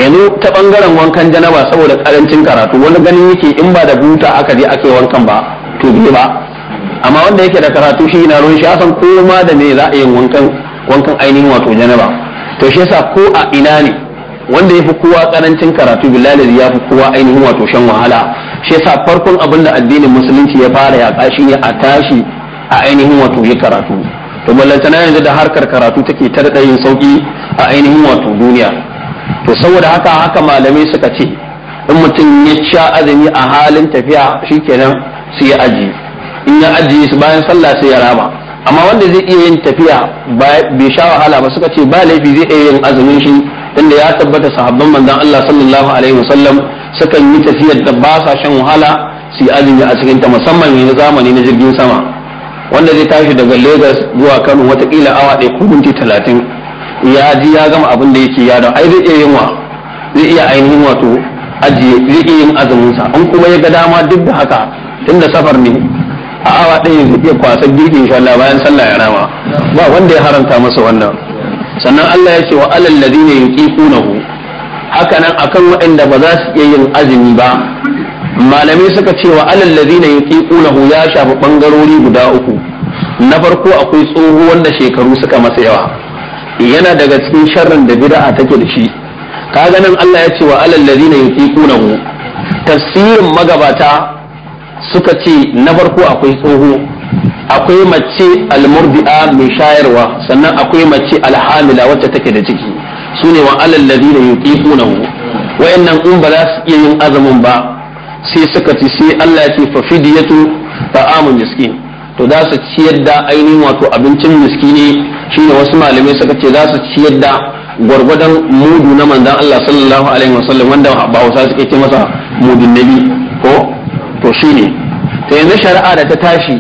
yanzu ta bangaren wankan janaba saboda karancin karatu wani ganin yake in ba da buta aka je ake wankan ba to bi ba amma wanda yake da karatu shi na ruwan shi ya san ko da me za a yi wankan wankan ainihin wato janaba to shi yasa ko a ina ne wanda ya fi kowa karancin karatu bilal ya fi kowa ainihin wato shan wahala shi yasa farkon abin da addinin musulunci ya fara yaƙa shi ne a tashi a ainihin wato ya karatu to na yanzu da harkar karatu take ta da yin sauki a ainihin wato duniya to saboda haka haka malamai suka ce in mutum ya sha azumi a halin tafiya shikenan sai ya aji in ya aji bayan sallah sai ya rama amma wanda zai iya yin tafiya bai sha wahala ba suka ce ba laifi zai iya yin azumin shi inda ya tabbata sahabban manzon Allah sallallahu alaihi wasallam sukan yi tafiyar da ba sa shan wahala su yi azumi a cikin ta musamman yanzu zamani na jirgin sama wanda zai tashi daga Lagos zuwa Kano watakila awa ɗaya ko minti talatin ya ji ya gama abin da yake yaro ai zai iya yin wa zai iya ainihin wato ajiye zai iya yin azumin sa in kuma ya ga dama duk da haka tunda safar ne a awa ɗaya ya iya kwasan girki insha Allah bayan sallah ya rama ba wanda ya haramta masa wannan sannan Allah ya ce wa alal ladina yuqifunahu haka nan akan waɗanda ba za su iya yin azumi ba malamai suka ce wa alal ladina yuqifunahu ya shafi bangarori guda uku na farko akwai tsoho wanda shekaru suka masa yawa yana daga cikin sharrin da bid'a take da shi kaga nan Allah ya ce wa alal ladina yuqifunahu tafsirin magabata suka ce na farko akwai tsoho akwai mace almurdi'a mai shayarwa sannan akwai mace alhamila wacce take da ciki su ne wa alal ladina yuqifunahu wayannan in ba za su iya yin azumin ba sai suka ci sai Allah ya ce fa fidyatu ta'amun miskin to za su ciyar da ainihin wato abincin miskini shine wasu malamai suka ce za su ciyar da gwargwadon mudu na manzon Allah sallallahu alaihi wasallam wanda ba Hausa suke ce masa mudun nabi ko to shi ne ta yanzu shari'a da ta tashi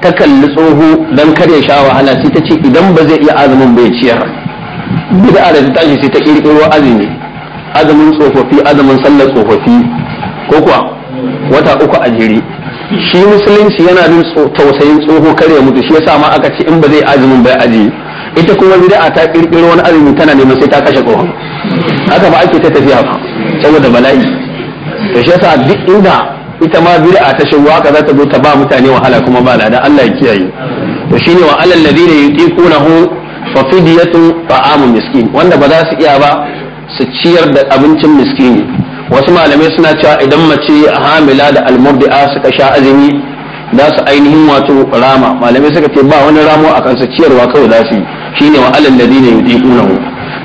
ta kalli tsoho don kare sha wahala sai ta ce idan ba zai iya azumin bai ciyar bid'a da ta tashi sai ta kirkiro azumi azumin tsofaffi azumin sallar tsofaffi ko kuwa wata uku a jere shi musulunci yana bin tausayin tsoho kare mutu shi yasa ma aka ce in ba zai azumin bai aji ita kuma bid'a ta kirkiro wani azumi tana neman sai ta kashe tsohon haka ba ake ta tafiya ba saboda bala'i to shi yasa duk inda ita ma bid'a ta shigo haka za ta zo ta ba mutane wahala kuma ba lada Allah ya kiyaye to shine wa alal ladina yutiqunahu fa fidyatun ta'amu miskin wanda ba za su iya ba su ciyar da abincin miskini wasu malamai suna cewa idan mace hamila da almurdi'a suka sha azumi za su ainihin wato rama malamai suka ce ba wani ramo a su ciyarwa kawai za su yi shine wa alal ladina yutiqunahu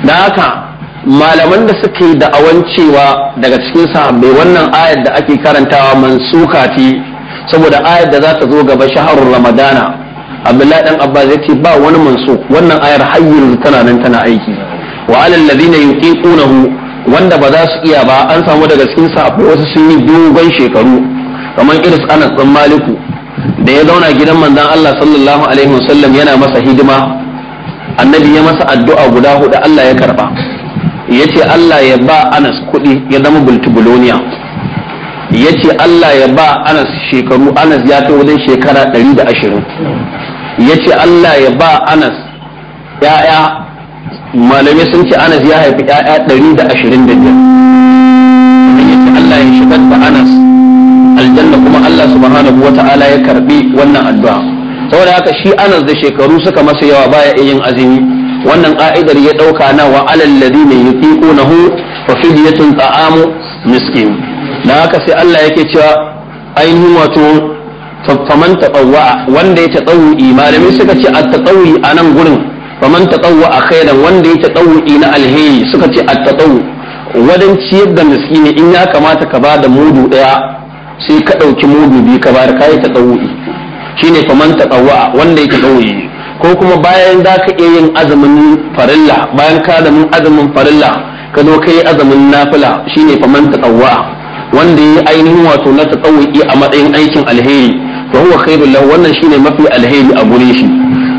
dan haka malaman da suka yi awan cewa daga cikin sahabbai wannan ayar da ake karantawa mansuka ce saboda ayar da za ta zo gaba shaharun ramadana abdullahi dan abba zai ce ba wani mansu wannan ayar hayyul tana nan tana aiki wa alal ladina yuqinuhu wanda ba za su iya ba an samu daga cikin sahabbai wasu sun yi dogon shekaru kamar iris anas dan maliku da ya zauna gidan manzon Allah sallallahu alaihi wasallam yana masa hidima annabi ya masa addu'a guda hudu Allah ya karba ya ce Allah ya ba Anas kuɗi ya zama bultubuloniya ya ce Allah ya ba Anas shekaru Anas ya kai wajen shekara 120 ya ce Allah ya ba Anas ya'ya malamai sun ce Anas ya haifi ya'ya 125 ya ce Allah ya shigar da Anas aljanna kuma Allah subhanahu wa ta'ala ya karbi wannan addu'a saboda haka shi Anas da shekaru suka masa yawa baya yin azumi wannan ka'idar ya ɗauka na wa alal ladina yutiqunahu fa fidyatun ta'amu miskin dan haka sai Allah yake cewa ainihin wato faman tatawwa wanda ya tatawwi malamai suka ce at-tatawwi a nan gurin faman tatawwa a khairan wanda ya tatawwi na alheri suka ce at-tatawwu wadan ciyar da ne in ya kamata ka ba da mudu ɗaya sai ka ɗauki mudu biyu ka bayar kai tatawwi shine faman tatawwa wanda ya tatawwi ko kuma bayan za ka iya yin azumin farilla bayan ka da mun azumin farilla ka zo ka yi azumin nafila shine man tatawwa wanda yi ainihin wato na tatawwi a matsayin aikin alheri fa huwa khairul lahu wannan shine mafi alheri a gure shi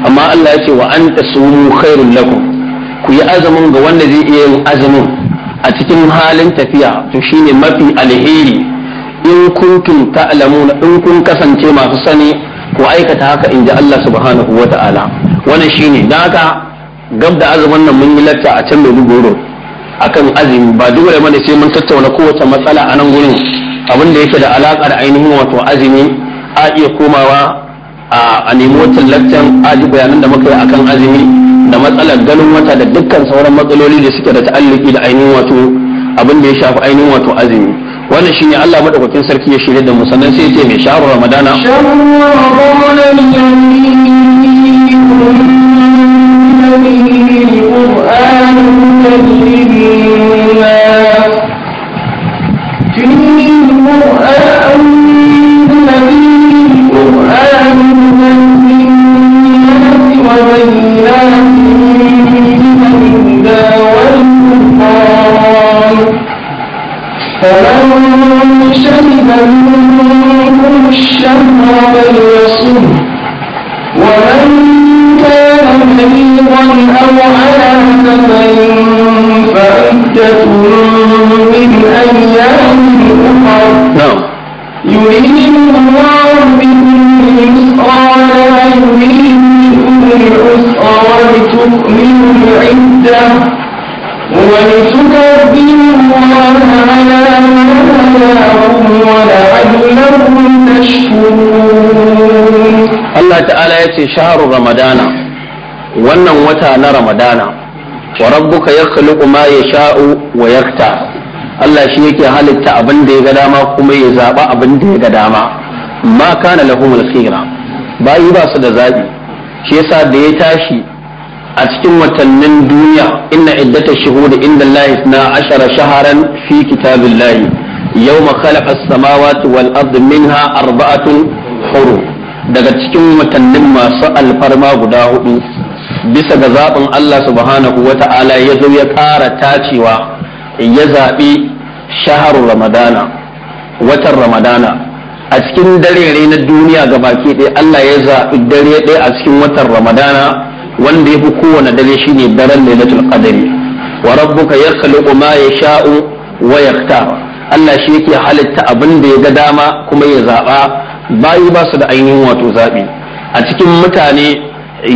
amma Allah ya ce wa anta sumu khairul lakum ku yi azumin ga wanda zai iya yin azumin a cikin halin tafiya to shine mafi alheri in kuntum ta'lamuna in kun kasance masu sani ku aikata haka in ji Allah subhanahu wa ta'ala wannan shine dan haka gab da azumin nan mun yi lacca a can Maiduguri akan azumi ba dole mana sai mun tattauna kowace matsala a nan gurin abin da yake da alaka da ainihin wato azumi a iya komawa a nemi wata lakcan aji bayanan da muka yi akan azumi da matsalar ganin wata da dukkan sauran matsaloli da suke da ta'alluki da ainihin wato abin da ya shafi ainihin wato azumi wannan shine Allah madaukakin sarki ya shirye da mu sannan sai ce mai shahru ramadana shahru ramadana شهد منكم الشهر فليصم ومن كان مريضا أو على سفر فعدة من أيام أخر يريد الله بكم اليسر ولا يريد بكم العسر ولتؤمنوا العدة ولتكبروا الله على ما هداكم ولعلكم تشكرون الله تعالى يتي شهر رمضان wannan wata na ramadana wa rabbuka yakhluqu ma yasha'u wa yakta Allah shi yake halitta abin da ya ga dama kuma ya zaba abin da ya ga dama ma kana lahumul khira bayi ba su da zabi shi yasa da ya tashi a cikin watannin duniya inna iddata shuhudi inda Allah na ashara shaharan fi kitabillahi yawma khalaqa as-samawati wal ardi minha arba'atun huru daga cikin watannin masu alfarma guda hudu bisa ga zaɓin Allah subhanahu wa ta'ala ya zo ya ƙara tacewa ya zaɓi shaharun ramadana watan ramadana a cikin dare na duniya ga baki ɗaya Allah ya zaɓi dare ɗaya a cikin watan ramadana wanda ya fi kowane dare shine daren lailatul qadri wa rabbuka yakhluqu ma yasha'u wa yaktar Allah shi yake halitta abin da ya ga dama kuma ya zaba bayi ba su da ainihin wato zabi a cikin mutane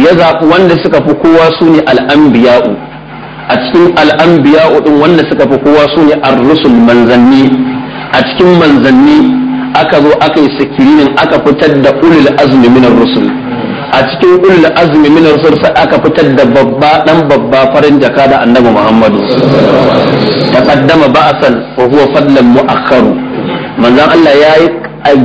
ya zaɓi wanda suka fi kowa su ne al'ambiya'u a cikin ɗin wanda suka fi kowa su ne ar-rusul manzanni a cikin manzanni aka zo aka yi sikirinin aka fitar da ulul azmi minar rusul a cikin ulul azmi min sai aka fitar da babba dan babba farin jaka da annabi Muhammadu taqaddama ba'san wa huwa fadlan mu'akhkar manzon Allah yayi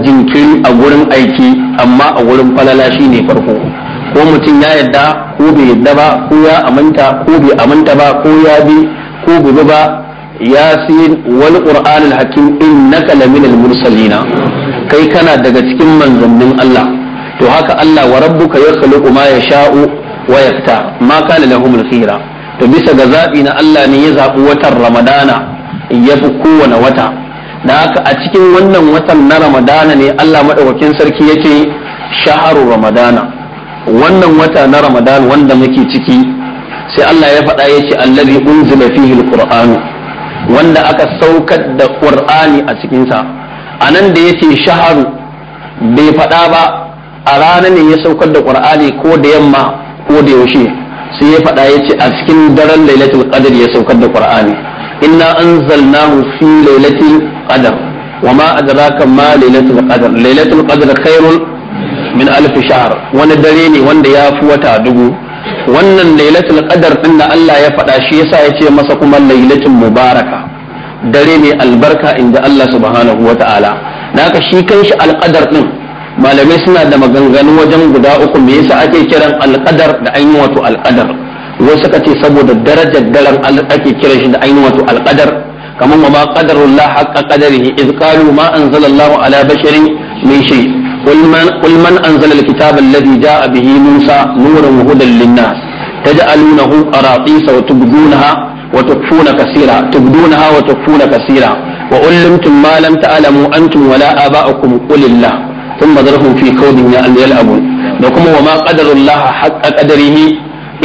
jinkiri a gurin aiki amma a gurin falala shine farko ko mutum ya yadda ko bai yadda ba ko ya aminta ko bai aminta ba ko ya bi ko bai ba ya yasin wal qur'anul hakim innaka laminal mursalina kai kana daga cikin manzannin Allah to haka Allah wa rabbuka yakhluqu ma yasha'u wa yakta ma kana lahum al-khira to bisa ga zabi na Allah ne ya zabi watan Ramadana yafi kowane wata da haka a cikin wannan watan na Ramadana ne Allah madaukakin sarki yake sha'aru Ramadana wannan wata na Ramadan wanda muke ciki sai Allah ya faɗa yace allazi unzila fihi al-qur'an wanda aka saukar da qur'ani a cikin sa anan da yace sha'aru bai faɗa ba a rana ne ya saukar da qur'ani ko da yamma ko da yaushe sai ya faɗa ya ce a cikin daren lailatul qadr ya saukar da qur'ani inna anzalnahu fi lailatul qadr wa ma adraka ma lailatul qadr lailatul qadr khairun min alf shahr wani dare ne wanda ya fi wata dubu wannan lailatul qadr din da Allah ya faɗa shi yasa ya ce masa kuma lailatul mubaraka dare ne albarka inda Allah subhanahu wa ta'ala naka shi kanshi alqadar din malamai suna da maganganu wajen guda uku me yasa ake kiran alqadar da ainihin wato alqadar wasu suka ce saboda darajar daren ake kiran shi da ainihin wato alqadar kamar ma qadarullah haqqa qadarihi iz qalu ma anzalallahu ala basharin min shay qul man qul man anzala alkitaba alladhi jaa bihi musa nuran wa hudan linnas taj'alunahu qaratisa wa tubdunaha wa tukfuna kaseera tubdunaha wa tukfuna kaseera wa ullimtum ma lam ta'lamu antum wala aba'ukum qulillah ثم ذرهم في كونهم يلعبون لكم وما قدر الله حق قدره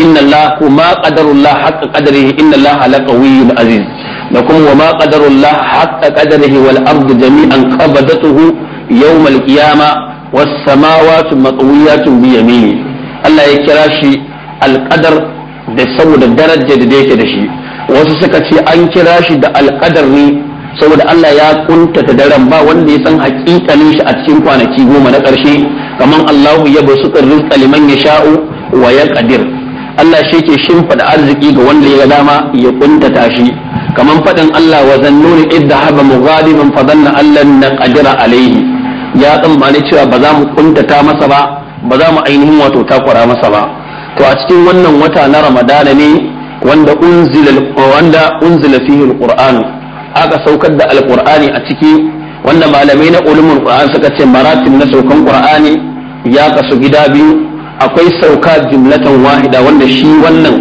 إن الله وما قدر الله حق قدره إن الله لقوي عزيز لكم وما قدر الله حق قدره والأرض جميعا قبضته يوم القيامة والسماوات مطويات بيمينه الله يكراشي القدر da saboda darajar da yake da shi wasu suka ce an kira shi da alƙadar ne saboda Allah ya ƙuntata daren ba wanda ya san hakikalin shi a cikin kwanaki goma na ƙarshe kamar Allahu ya basu rizqa liman yasha'u wa ƙadir Allah shi ke shimfida arziki ga wanda ya dama ya kuntata shi kaman faɗin Allah wa zannuni idda haba mughadiban fa Allah na ƙadira alaihi ya tsammani cewa ba za mu kuntata masa ba ba za mu ainihin wato takura masa ba to a cikin wannan wata na Ramadana ne wanda unzila wanda unzila fihi aka saukar da alkur'ani a ciki wanda malamai na ulumul qur'an suka ce maratib na saukan qur'ani ya kasu gida biyu akwai sauka jimlatan wahida wanda shi wannan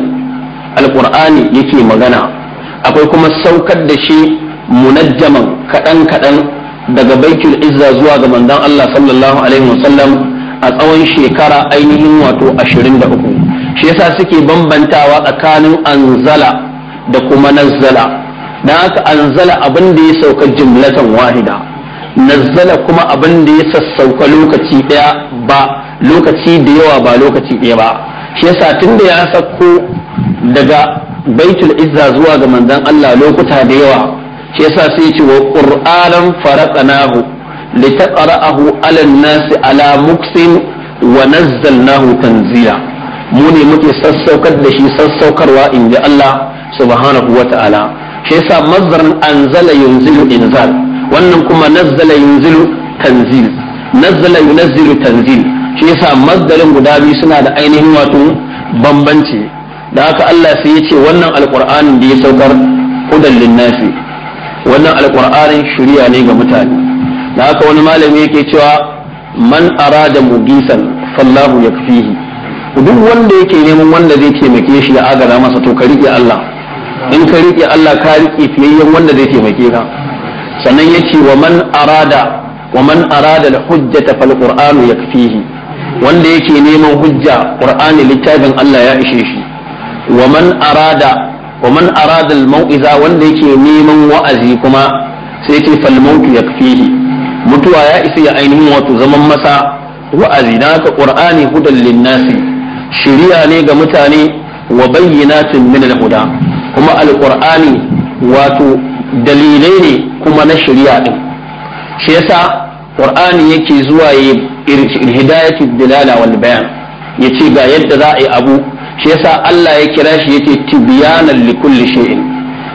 alkur'ani yake magana akwai kuma saukar da shi munajjaman kadan kadan daga baitul izza zuwa ga manzon Allah sallallahu alaihi wasallam a tsawon shekara ainihin wato 23 shi yasa suke bambantawa tsakanin anzala da kuma nazzala da haka anzala abin da ya sauka jimlatan wahida nazzala kuma abin da ya sassauka lokaci daya ba lokaci da yawa ba lokaci daya ba shi yasa tun ya sako daga baitul izza zuwa ga manzon Allah lokuta da yawa shi yasa sai ya ce wa qur'anan faraqnahu litaqra'ahu 'ala an-nasi 'ala muksin wa nazzalnahu tanzila mu ne muke sassaukar da shi sassaukarwa inda Allah subhanahu wa shi yasa mazdarin anzala yunzilu inzal wannan kuma nazzala yunzilu tanzil nazzala yunzilu tanzil shi yasa mazdarin guda biyu suna da ainihin wato bambanci da haka Allah sai ya ce wannan alqur'anin da ya saukar hudan linnasi wannan alqur'anin shari'a ne ga mutane da haka wani malami yake cewa man arada mugisan fallahu yakfihi duk wanda yake neman wanda zai taimake shi ya agara masa to ka riƙe Allah in ka riƙe Allah ka riƙe fiyayyen wanda zai taimake ka sannan yace wa man arada wa man arada hujjata fal qur'anu yakfihi wanda yake neman hujja qur'ani littafin Allah ya ishe shi wa man arada wa man arada al-mau'iza wanda yake neman wa'azi kuma sai ce fal mautu yakfihi mutuwa ya isa ya ainihin wato zaman masa wa'azi na ka qur'ani hudan linnasi shiriya ne ga mutane wa bayyinatin min al-huda kuma Alƙur'ani wato dalilai ne kuma na shari'a din shi yasa yake zuwa ya hidayatu dilala wal bayan yace ga yadda za a yi abu shi yasa Allah ya kira shi yake tibyanan likulli shay'in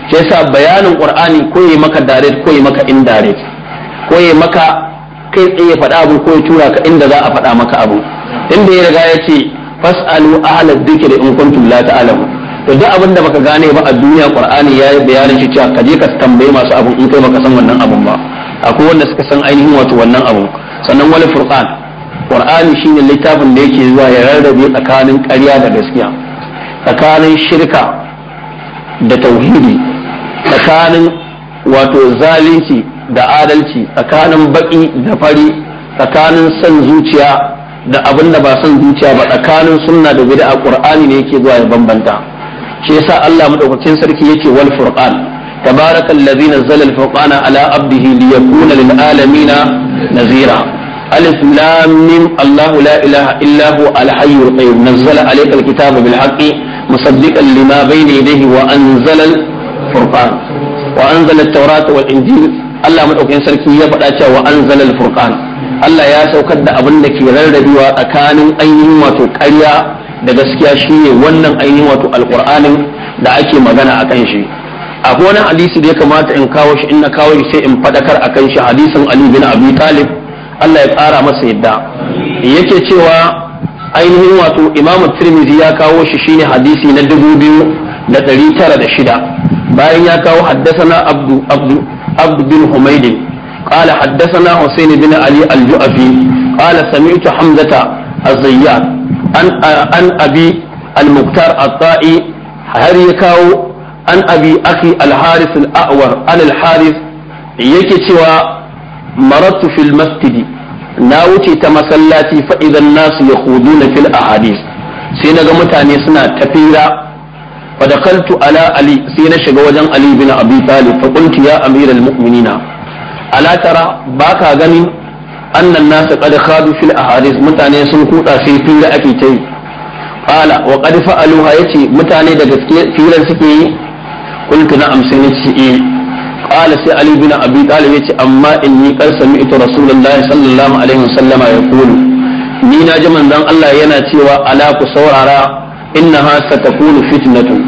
shi yasa bayanin ƙur'ani ko yi maka direct ko yi maka indirect ko yi maka kai tsaye faɗa abu ko ya tura ka inda za a faɗa maka abu inda ya riga ya ce fas'alu ahlal dhikri in kuntum la ta'lamun to duk abin da baka gane ba a duniya qur'ani ya yi bayanin shi cewa kaje ka tambaye masu abu in kai baka san wannan abun ba akwai wanda suka san ainihin wato wannan abu sannan wani furqan qur'ani shine littafin da yake zuwa ya rarrabe tsakanin ƙarya da gaskiya tsakanin shirka da tauhidi tsakanin wato zalunci da adalci tsakanin baki da fari tsakanin son zuciya da abin da ba son zuciya ba tsakanin sunna da bid'a qur'ani ne yake zuwa ya bambanta shi yasa Allah madaukakin sarki yake wal furqan tabaraka allazi nazzala al furqana ala abdihi liyakuna lil alamin nazira alif lam mim Allah la ilaha illa hu al hayy al qayyum nazzala alayka al kitaba bil haqqi musaddiqan lima bayna yadayhi wa anzala al furqan wa anzala al tawrata wal Allah madaukakin sarki ya faɗa cewa wa anzala al furqan Allah ya saukar da abinda da ke rarrabewa tsakanin ainihin wato ƙarya da gaskiya shine wannan ainihin wato alkur'anin da ake magana akan shi A wani hadisi da ya kamata in kawo shi in na kawo shi sai in fadakar akan shi hadisin Ali bin Abi Talib Allah ya ƙara masa yadda yake cewa ainihin wato Imam Tirmidhi ya kawo shi shine hadisi na dubu biyu da da ɗari tara shida. bayan ya kawo haddasana Abdu Abdu Abdu bin Humayd قال bin Ali Al-Juafi, الجؤفي Samitu سمعت حمزة الزيات an abi al-muktar al tai har ya kawo an abi aki al-haris al-a'war an al-haris yake cewa maratu fil masjidi na wuce ta masallaci fa idan nasu na fil hadis sai naga mutane suna tafira fa ala ali sai na shiga wajen ali bin abi talib fa qultu ya amiral mu'minina ala tara baka ganin annan nasu qad khadu fil ahadith mutane sun kuda sai fira ake ta yi qala wa qad fa'aluha yace mutane da gaske firan suke yi qultu na'am sai nace eh qala sai ali bin abi talib yace amma inni qad sami'tu rasulullahi sallallahu alaihi wasallama yaqulu ni na ji manzon Allah yana cewa ala ku saurara innaha satakunu fitnatun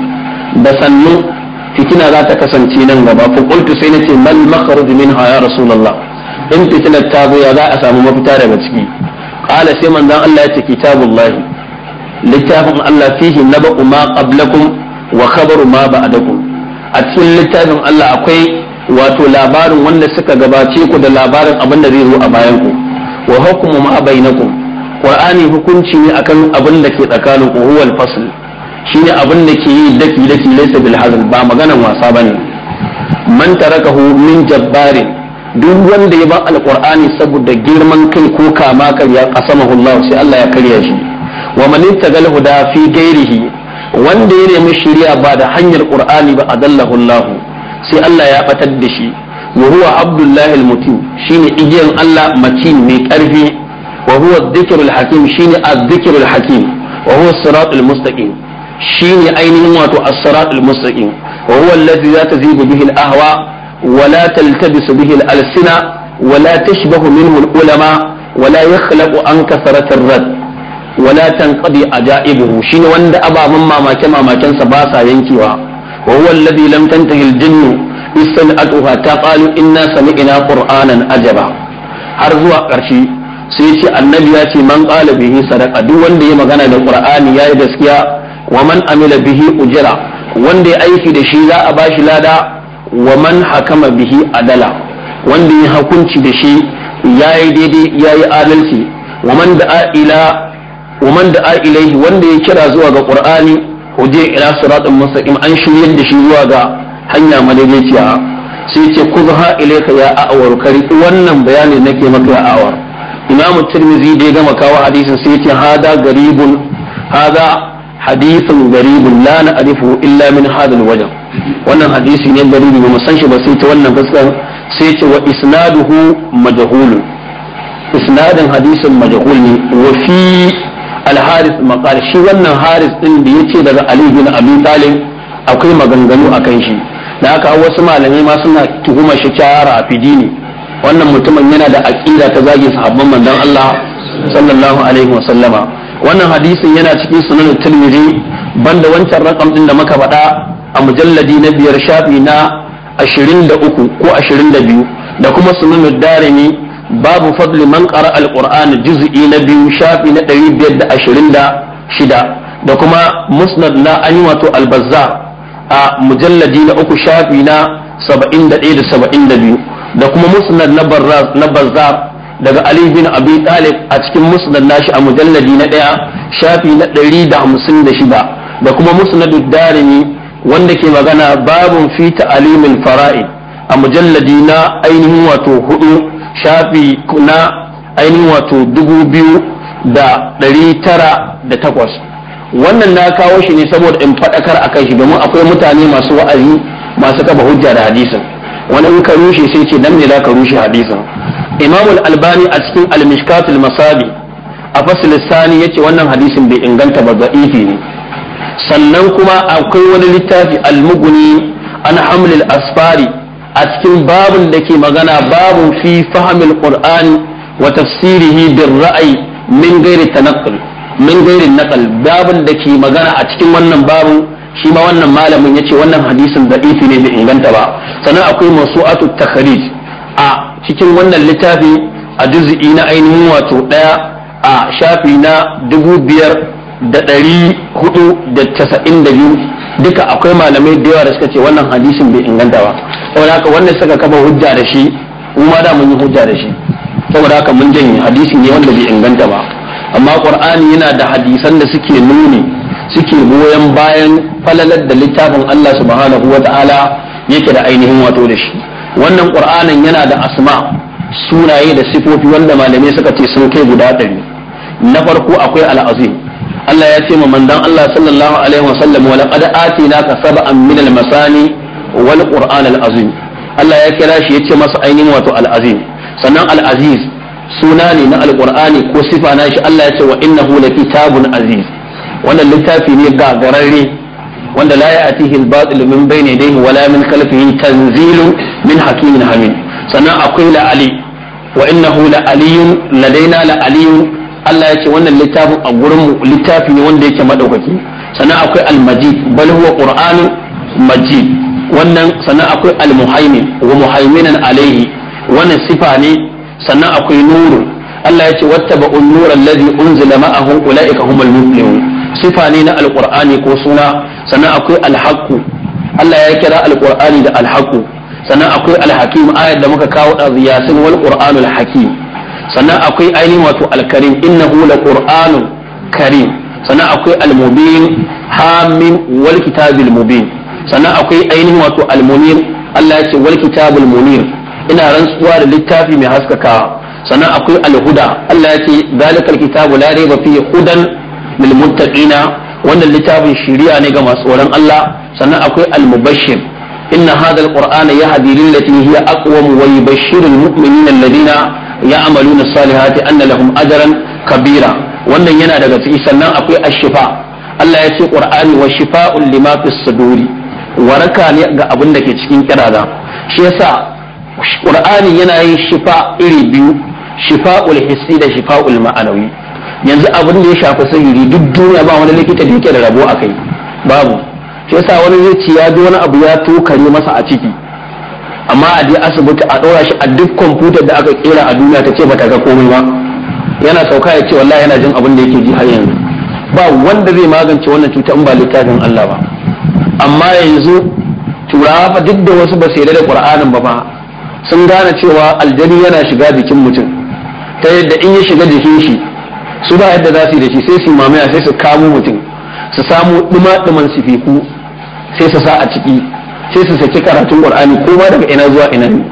da sannu fitina za ta kasance nan gaba fa kultu sai nace mal ya rasulullah in fitinar ta zo ya za a samu mafita daga ciki qala sai manzon Allah ya ce kitabullahi littafin Allah fihi naba'u ma qablakum wa khabaru ma ba'dakum a cikin littafin Allah akwai wato labarin wanda suka gabace ku da labarin abin da zai zo a bayan ku wa hukmu ma bainakum qur'ani hukunci ne akan abin da ke tsakanin ku huwal fasl shine abin da ke yi daki daki laysa bil hazl ba maganan wasa bane man tarakahu min jabbarin duk wanda ya ba alqur'ani saboda girman kai ko kama karya qasamahu Allah sai Allah ya karya shi wa man ittagal da fi ghairihi wanda ya nemi shari'a ba da hanyar qur'ani ba adallahu Allah sai Allah ya batar da shi wa huwa abdullahi almutin shine igiyan Allah matin mai karfi wa huwa dhikrul hakim shine adh-dhikrul hakim wa huwa siratul mustaqim shine ainihin wato as-siratul mustaqim wa huwa alladhi la bihi al-ahwa ولا تلتبس به الألسنة ولا تشبه منه العلماء ولا يخلق عن كثرة الرد ولا تنقضي عجائبه شين وند أبا مما ما كما ما كان سباسا ينكوا وهو الذي لم تنتهي الجن استنأتها تقالوا إنا سمعنا قرآنا أجبا هرزوا قرشي sai ce annabi ya ce man qala bihi sadaqa duk wanda ya magana da qur'ani yayi gaskiya wa man amila bihi ujra wanda ya aiki da shi za a bashi lada wa man hakama bihi adala wanda ya hukunci da shi yayi daidai yayi adalci wa man da ila wa man ilaihi wanda ya kira zuwa ga qur'ani huje ila siratul mustaqim an shiryar da shi zuwa ga hanya madaidaiciya sai ce kuzha ilaika ya a'war kari wannan bayani nake maka ya a'war imamu tirmizi da ya gama kawo hadisin sai ce hada garibun hada hadithun garibun la arifu illa min hadal wajen wannan hadisi ne garuri ba mu san shi ba sai ta wannan fuskar sai ce wa isnaduhu majhulun isnadin hadisin majhul ne wa fi al-haris maqal shi wannan haris din da yace daga ali bin abi talib akwai maganganu akan shi da haka wasu malamai ma suna tuhuma shi kyara fidi ne wannan mutumin yana da aqida ta zagin sahabban manzon Allah sallallahu alaihi wa sallama wannan hadisin yana cikin sunan tirmidhi banda wancan rakam din da muka faɗa a mujalladi na biyar shafi na ashirin da uku ko ashirin da biyu da kuma sunan darimi babu fadli man qara alquran juz'i na biyu shafi na ɗari biyar da ashirin da shida da kuma musnad na an wato albazza a mujalladi na uku shafi na saba'in da ɗaya da saba'in da biyu da kuma musnad na bazzar daga Ali bin Abi Talib a cikin musnad nashi a mujalladi na ɗaya shafi na ɗari da hamsin da shida da kuma musnad darimi wanda ke magana babun fi alimin fara'i a mujalladi na ainihin wato hudu shafi na ainihin wato dubu biyu da ɗari tara da takwas wannan na kawo shi ne saboda in faɗakar a kai shi domin akwai mutane masu wa'azi masu kafa hujja da hadisin wani in ka rushe sai ce dan ne za ka rushe hadisin imamul albani a cikin al-mishkatul masabi a fasil ya ce wannan hadisin bai inganta ba ne sannan kuma akwai wani littafi almuguni an hamlil asfari a cikin babin da ke magana babu fi fahimil qur'ani wa tafsirihi bin ra'ayi min gairi tanaqqul min gairi naqal babin da ke magana a cikin wannan babun shi ma wannan malamin ce wannan hadisin da'ifi ne bai inganta ba sannan akwai masu'atu takhrij a cikin wannan littafi a juz'i na ainihin wato ɗaya a shafi na dubu biyar da ɗari hudu da casa'in da biyu duka akwai malamai da yawa da suka ce wannan hadisin bai inganta ba saboda haka wannan suka kafa hujja da shi kuma da mun yi hujja da shi saboda haka mun janye hadisin ne wanda bai inganta ba amma qur'ani yana da hadisan da suke nuni suke goyon bayan falalar da littafin Allah subhanahu Ta'ala yake da ainihin wato da shi wannan qur'anin yana da asma sunaye da sifofi wanda malamai suka ce sun kai guda ɗari na farko akwai al'azim Allah ya ce ma mandan Allah sallallahu alaihi wa sallam wa laqad sab'an min al-masani wal qur'an al-azim Allah ya kira shi yace masa ainihin wato al-azim sannan al-aziz suna ne na al-qur'ani ko sifa na shi Allah ya ce wa innahu lakitabun aziz wannan littafi ne gagararre wanda la ya'tihi al-batil min bayni yadayhi wala min khalfihi tanzilun min hakimin hamid sannan akwai la ali wa innahu la aliyun ladaina la aliyun Allah ya ce wannan littafin a gurin mu littafi ne wanda yake madaukaki sannan akwai al-majid bal huwa qur'anun majid wannan sannan akwai al-muhaimin wa muhaiminan alayhi wannan sifa ne sannan akwai nuru Allah ya ce wattaba'un nura allazi unzila ma'ahu ulaika humul muflihun sifa ne na al alqur'ani ko suna sannan akwai al-haqqu Allah ya kira alqur'ani da al-haqqu sannan akwai al-hakim ayar da muka kawo da yasin wal qur'anul hakim sannan akwai ainihin wato alkarim innahu laqur'anun karim sannan akwai almubin hamim wal kitabil mubin sannan akwai ainihin wato almunir Allah ya ce wal kitabul munir ina rantsuwa da littafi mai haskakawa sannan akwai alhuda Allah ya ce zalikal kitabu la raiba fihi hudan lil muttaqina wannan littafin shiriya ne ga masu tsoron Allah sannan akwai almubashshir inna hadha alqur'ana yahdi lil lati hiya aqwam wa yubashshiru almu'minina alladhina ya na salihati anna lahum ajran kabira wannan yana daga ciki sannan akwai ashifa Allah ya ce qur'ani wa shifa'un lima fi suduri waraka ne ga abin da ke cikin kirada shi yasa qur'ani yana yin shifa iri biyu shifa'ul hissi da shifa'ul ma'anawi yanzu abin da ya shafi sihiri duk duniya ba wani likita da yake da rabo akai babu shi yasa wani zai ci ya ji wani abu ya tokare masa a ciki amma a je asibiti a ɗora shi a duk kwamfutar da aka kera a duniya ta ce ba ta ga komai ba yana sauka ya ce wallahi yana jin abin da yake ji har yanzu ba wanda zai magance wannan cuta in ba littafin Allah ba amma yanzu turawa fa duk da wasu ba su yarda da Qur'anin ba fa sun gane cewa aljani yana shiga jikin mutum ta yadda in ya shiga jikin shi su ba yadda za su yi da shi sai su mamaya sai su kamo mutum su samu duma-duman sifiku sai su sa a ciki sai su saki karatun qur'ani ko ma daga ina zuwa ina ne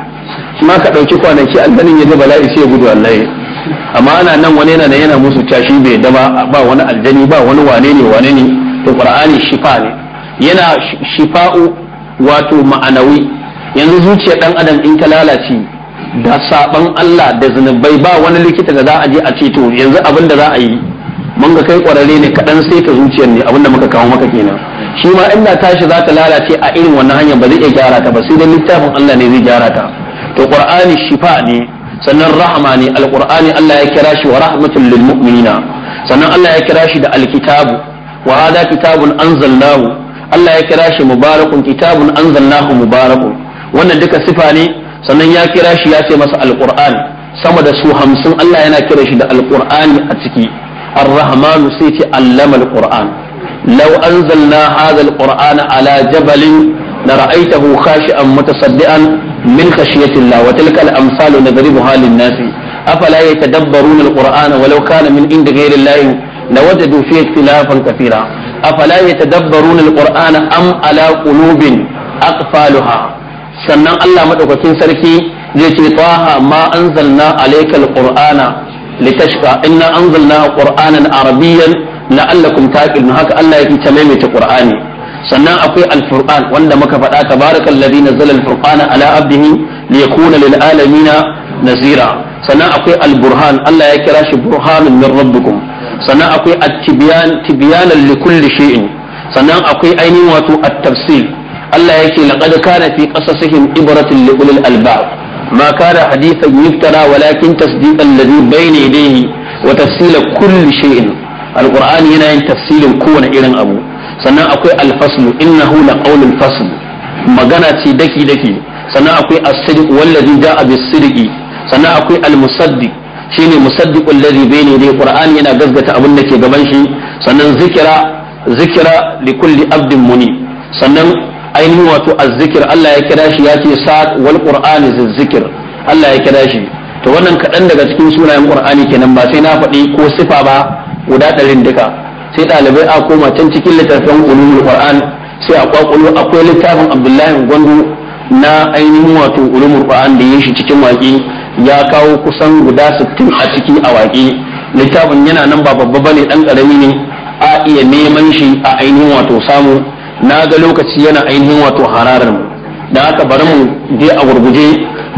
ma ka dauki kwanaki albanin ya ji bala'i sai ya gudu wallahi amma ana nan wani yana nan yana musu tashi bai dama ba wani aljani ba wani wane ne wane ne to qur'ani shifa ne yana shifa'u wato ma'anawi yanzu zuciyar dan adam in ta lalace da saban Allah da zunubai ba wani likita da za a je a ce to yanzu abin da za a yi mun ga kai kwararre ne kaɗan sai ta zuciyar ne abinda muka kawo maka kenan shi ma inda tashi za ta lalace a irin wannan hanyar ba zai iya gyara ta ba sai dai littafin Allah ne zai gyara ta to qur'ani shifa ne sannan rahama ne alqur'ani Allah ya kira shi wa rahmatul lil mu'minina sannan Allah ya kira shi da alkitabu wa hada kitabun anzalnahu Allah ya kira shi mubarakun kitabun anzalnahu mubarakun wannan duka sifa ne sannan ya kira shi ya ce masa alqur'ani sama da su hamsin Allah yana kira shi da alqur'ani a ciki الرحمن سيتي علم القرآن لو أنزلنا هذا القرآن على جبل لرأيته خاشعا متصدئا من خشية الله وتلك الأمثال نضربها للناس أفلا يتدبرون القرآن ولو كان من عند غير الله لوجدوا فيه اختلافا كثيرا أفلا يتدبرون القرآن أم على قلوب أقفالها sannan Allah maɗaukakin sarki zai ce taha ma anzalna alaikal qur'ana litashqa inna anzalna qur'anan arabiyyan la'allakum taqilun haka Allah yake ta maimaita kur'ani. sannan akwai alfurqan wanda muka faɗa tabarakal ladhi nazzala alfurqana ala abdihi liyakuna lil alamin nazira sannan akwai alburhan Allah ya kira shi burhanun min rabbikum sannan akwai at-tibyan tibyanan likulli shay'in sannan akwai ainihin wato at Allah yake laqad kana fi qasasihim ibratun li ulil albab ما كان حديثا يفترى ولكن تصديق الذي بين يديه وتفصيل كل شيء القرآن هنا تفصيل كون إلى أبو sannan akwai alfaslu innahu la qaulul fasl magana ce daki daki sannan akwai as-sidq wallazi jaa bis-sidqi sannan akwai al-musaddiq shine musaddiq alladhi bayna yaday qur'an yana gasgata abin da ke gaban shi sannan zikira zikira li sannan ainihin wato azzikir Allah ya kira shi ya ce sa'ad wal qur'ani zikir Allah ya kira shi to wannan kaɗan daga cikin sunayen qur'ani kenan ba sai na faɗi ko sifa ba guda ɗarin duka sai ɗalibai a koma can cikin littafin ulumul qur'an sai a kwakulo akwai littafin abdullahi gwandu na ainihin wato ulumul qur'an da ya shi cikin waƙi ya kawo kusan guda sittin a ciki a waƙi littafin yana nan ba babba bane dan karami ne a iya neman shi a ainihin wato samu na ga lokaci yana ainihin wato hararar mu da aka bari mu je a gurguje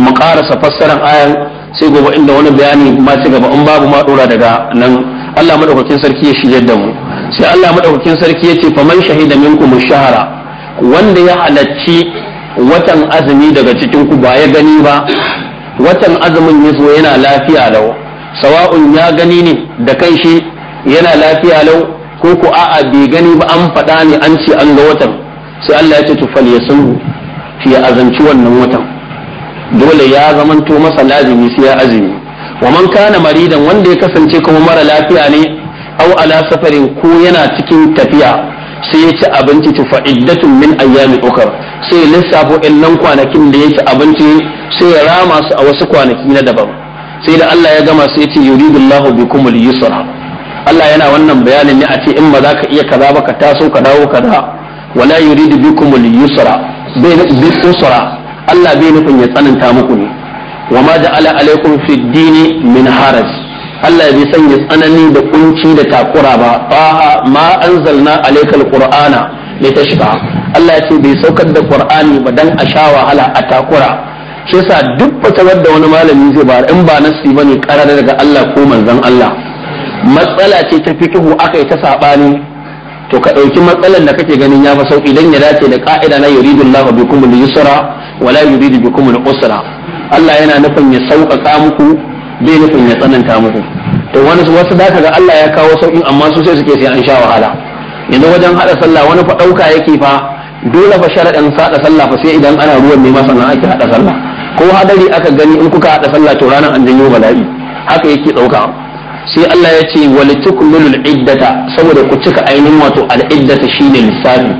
mu karasa fassarar ayan sai gobe inda wani bayani ma ci gaba in babu ma dora daga nan Allah madaukakin sarki ya shigar da mu sai Allah madaukakin sarki ya ce fa faman shahida minkum shahara wanda ya halacci watan azumi daga cikin ku ba ya gani ba watan azumin ya zo yana lafiya lau sawa'un ya gani ne da kanshi yana lafiya lau ko ko a'a bai gani ba an faɗa ne an ce an ga watan sai Allah ya ce tufal ya sun fi ya azanci wannan watan dole ya zamanto masa lazimi sai ya azumi wa man kana maridan wanda ya kasance kuma mara lafiya ne aw ala safarin ko yana cikin tafiya sai ya ci abinci tufa iddatun min ayyami ukar sai ya lissafo nan kwanakin da ya ci abinci sai ya rama su a wasu kwanaki na daban sai da Allah ya gama sai ya ce yuridullahu bikumul yusra Allah yana wannan bayanin ne a ce in ba za ka iya kaza ba ka taso ka dawo kaza wala yuridu bikumul yusra bai usra Allah bai nufin ya tsananta muku ne wa ma ja'ala alaikum fi dini min haraj Allah bai sanya tsanani da kunci da takura ba fa ma anzalna Alaykal qur'ana litashqa Allah ya ce bai saukar da qur'ani ba dan a sha wahala a takura shi yasa duk fatawar da wani malami zai ba. in ba nasi bane karar daga Allah ko manzon Allah matsala ce ta fikihu aka yi ta saɓani to ka ɗauki matsalar da kake ganin ya fa sauƙi dan ya dace da ƙa'ida na yuridu Allahu bikum al-yusra wa la yuridu bikum al-usra Allah yana nufin ya sauƙaƙa muku bai nufin ya tsananta muku to wani wasu za ga Allah ya kawo sauƙin amma su sai suke sai an sha wahala yanzu wajen haɗa sallah wani fa ɗauka yake fa dole fa sa saɗa sallah fa sai idan ana ruwan ne sannan ake haɗa sallah ko hadari aka gani in kuka haɗa sallah to ranar an janyo bala'i haka yake ɗauka sai Allah ya ce wali tukmilul iddata saboda ku cika ainihin wato al'iddata shine lissafi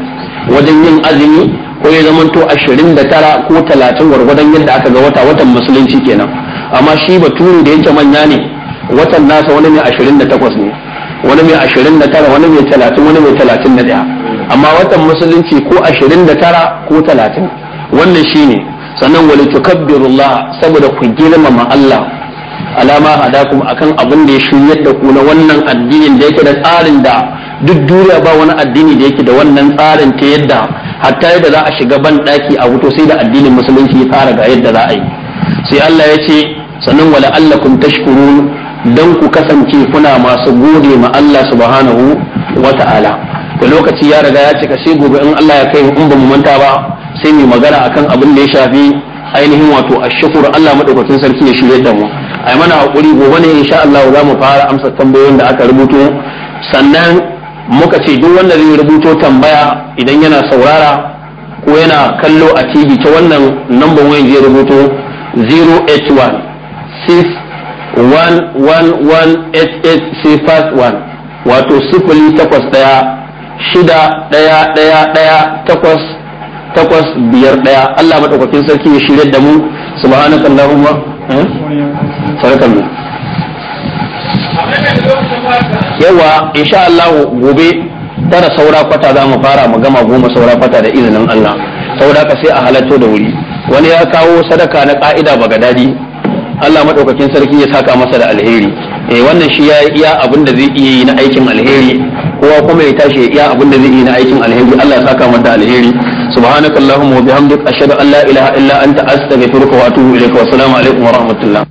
wajen yin azumi ko ya zama zamanto 29 ko 30 gwargwadon yadda aka ga wata watan musulunci kenan amma shi baturi da yake manya ne watan nasa wani mai 28 ne wani mai 29 wani mai 30 wani mai 31 amma watan musulunci ko 29 ko 30 wannan shine sannan wali tukabbirullah saboda ku girmama Allah alama hadakum akan abin da ya shiryar da ku na wannan addinin da yake da tsarin da duk duniya ba wani addini da yake da wannan tsarin ta yadda hatta yadda za a shiga ban daki a wuto sai da addinin musulunci ya tsara ga yadda za a yi sai Allah ya ce sannan wala allakum tashkurun dan ku kasance kuna masu gode ma Allah subhanahu wa ta'ala da lokaci ya riga ya cika sai gobe in Allah ya kai in ba mu manta ba sai mu magana akan abin da ya shafi ainihin wato a ashkur Allah maɗaukacin sarki ya shirye da mu a mana hakuri gobe ne insha Allah za mu fara amsa tambayoyin da aka rubuto sannan muka ce duk wanda zai rubuto tambaya idan yana saurara ko yana kallo a TV ta wannan number wayan zai rubuto 081 6 wato sifili takwas ɗaya shida ɗaya ɗaya ɗaya takwas takwas biyar ɗaya Allah maɗaukakin sarki ya shirya da mu subhanak allahumma farkan eh? mu yawa insha Allah gobe tara saura kwata za mu fara mu gama goma saura kwata da izinin Allah saboda ka sai a halatto da wuri wani ya kawo sadaka na ka'ida baga daɗi Allah maɗaukakin sarki ya saka masa da alheri eh wannan shi ya iya abin da zai iya yi na aikin alheri kowa kuma ya tashi ya iya abin da zai yi na aikin alheri Allah ya saka mata alheri subhanakallahumma wa bihamdika ashhadu an la ilaha illa anta astaghfiruka wa atubu ilaika wa assalamu alaikum wa rahmatullah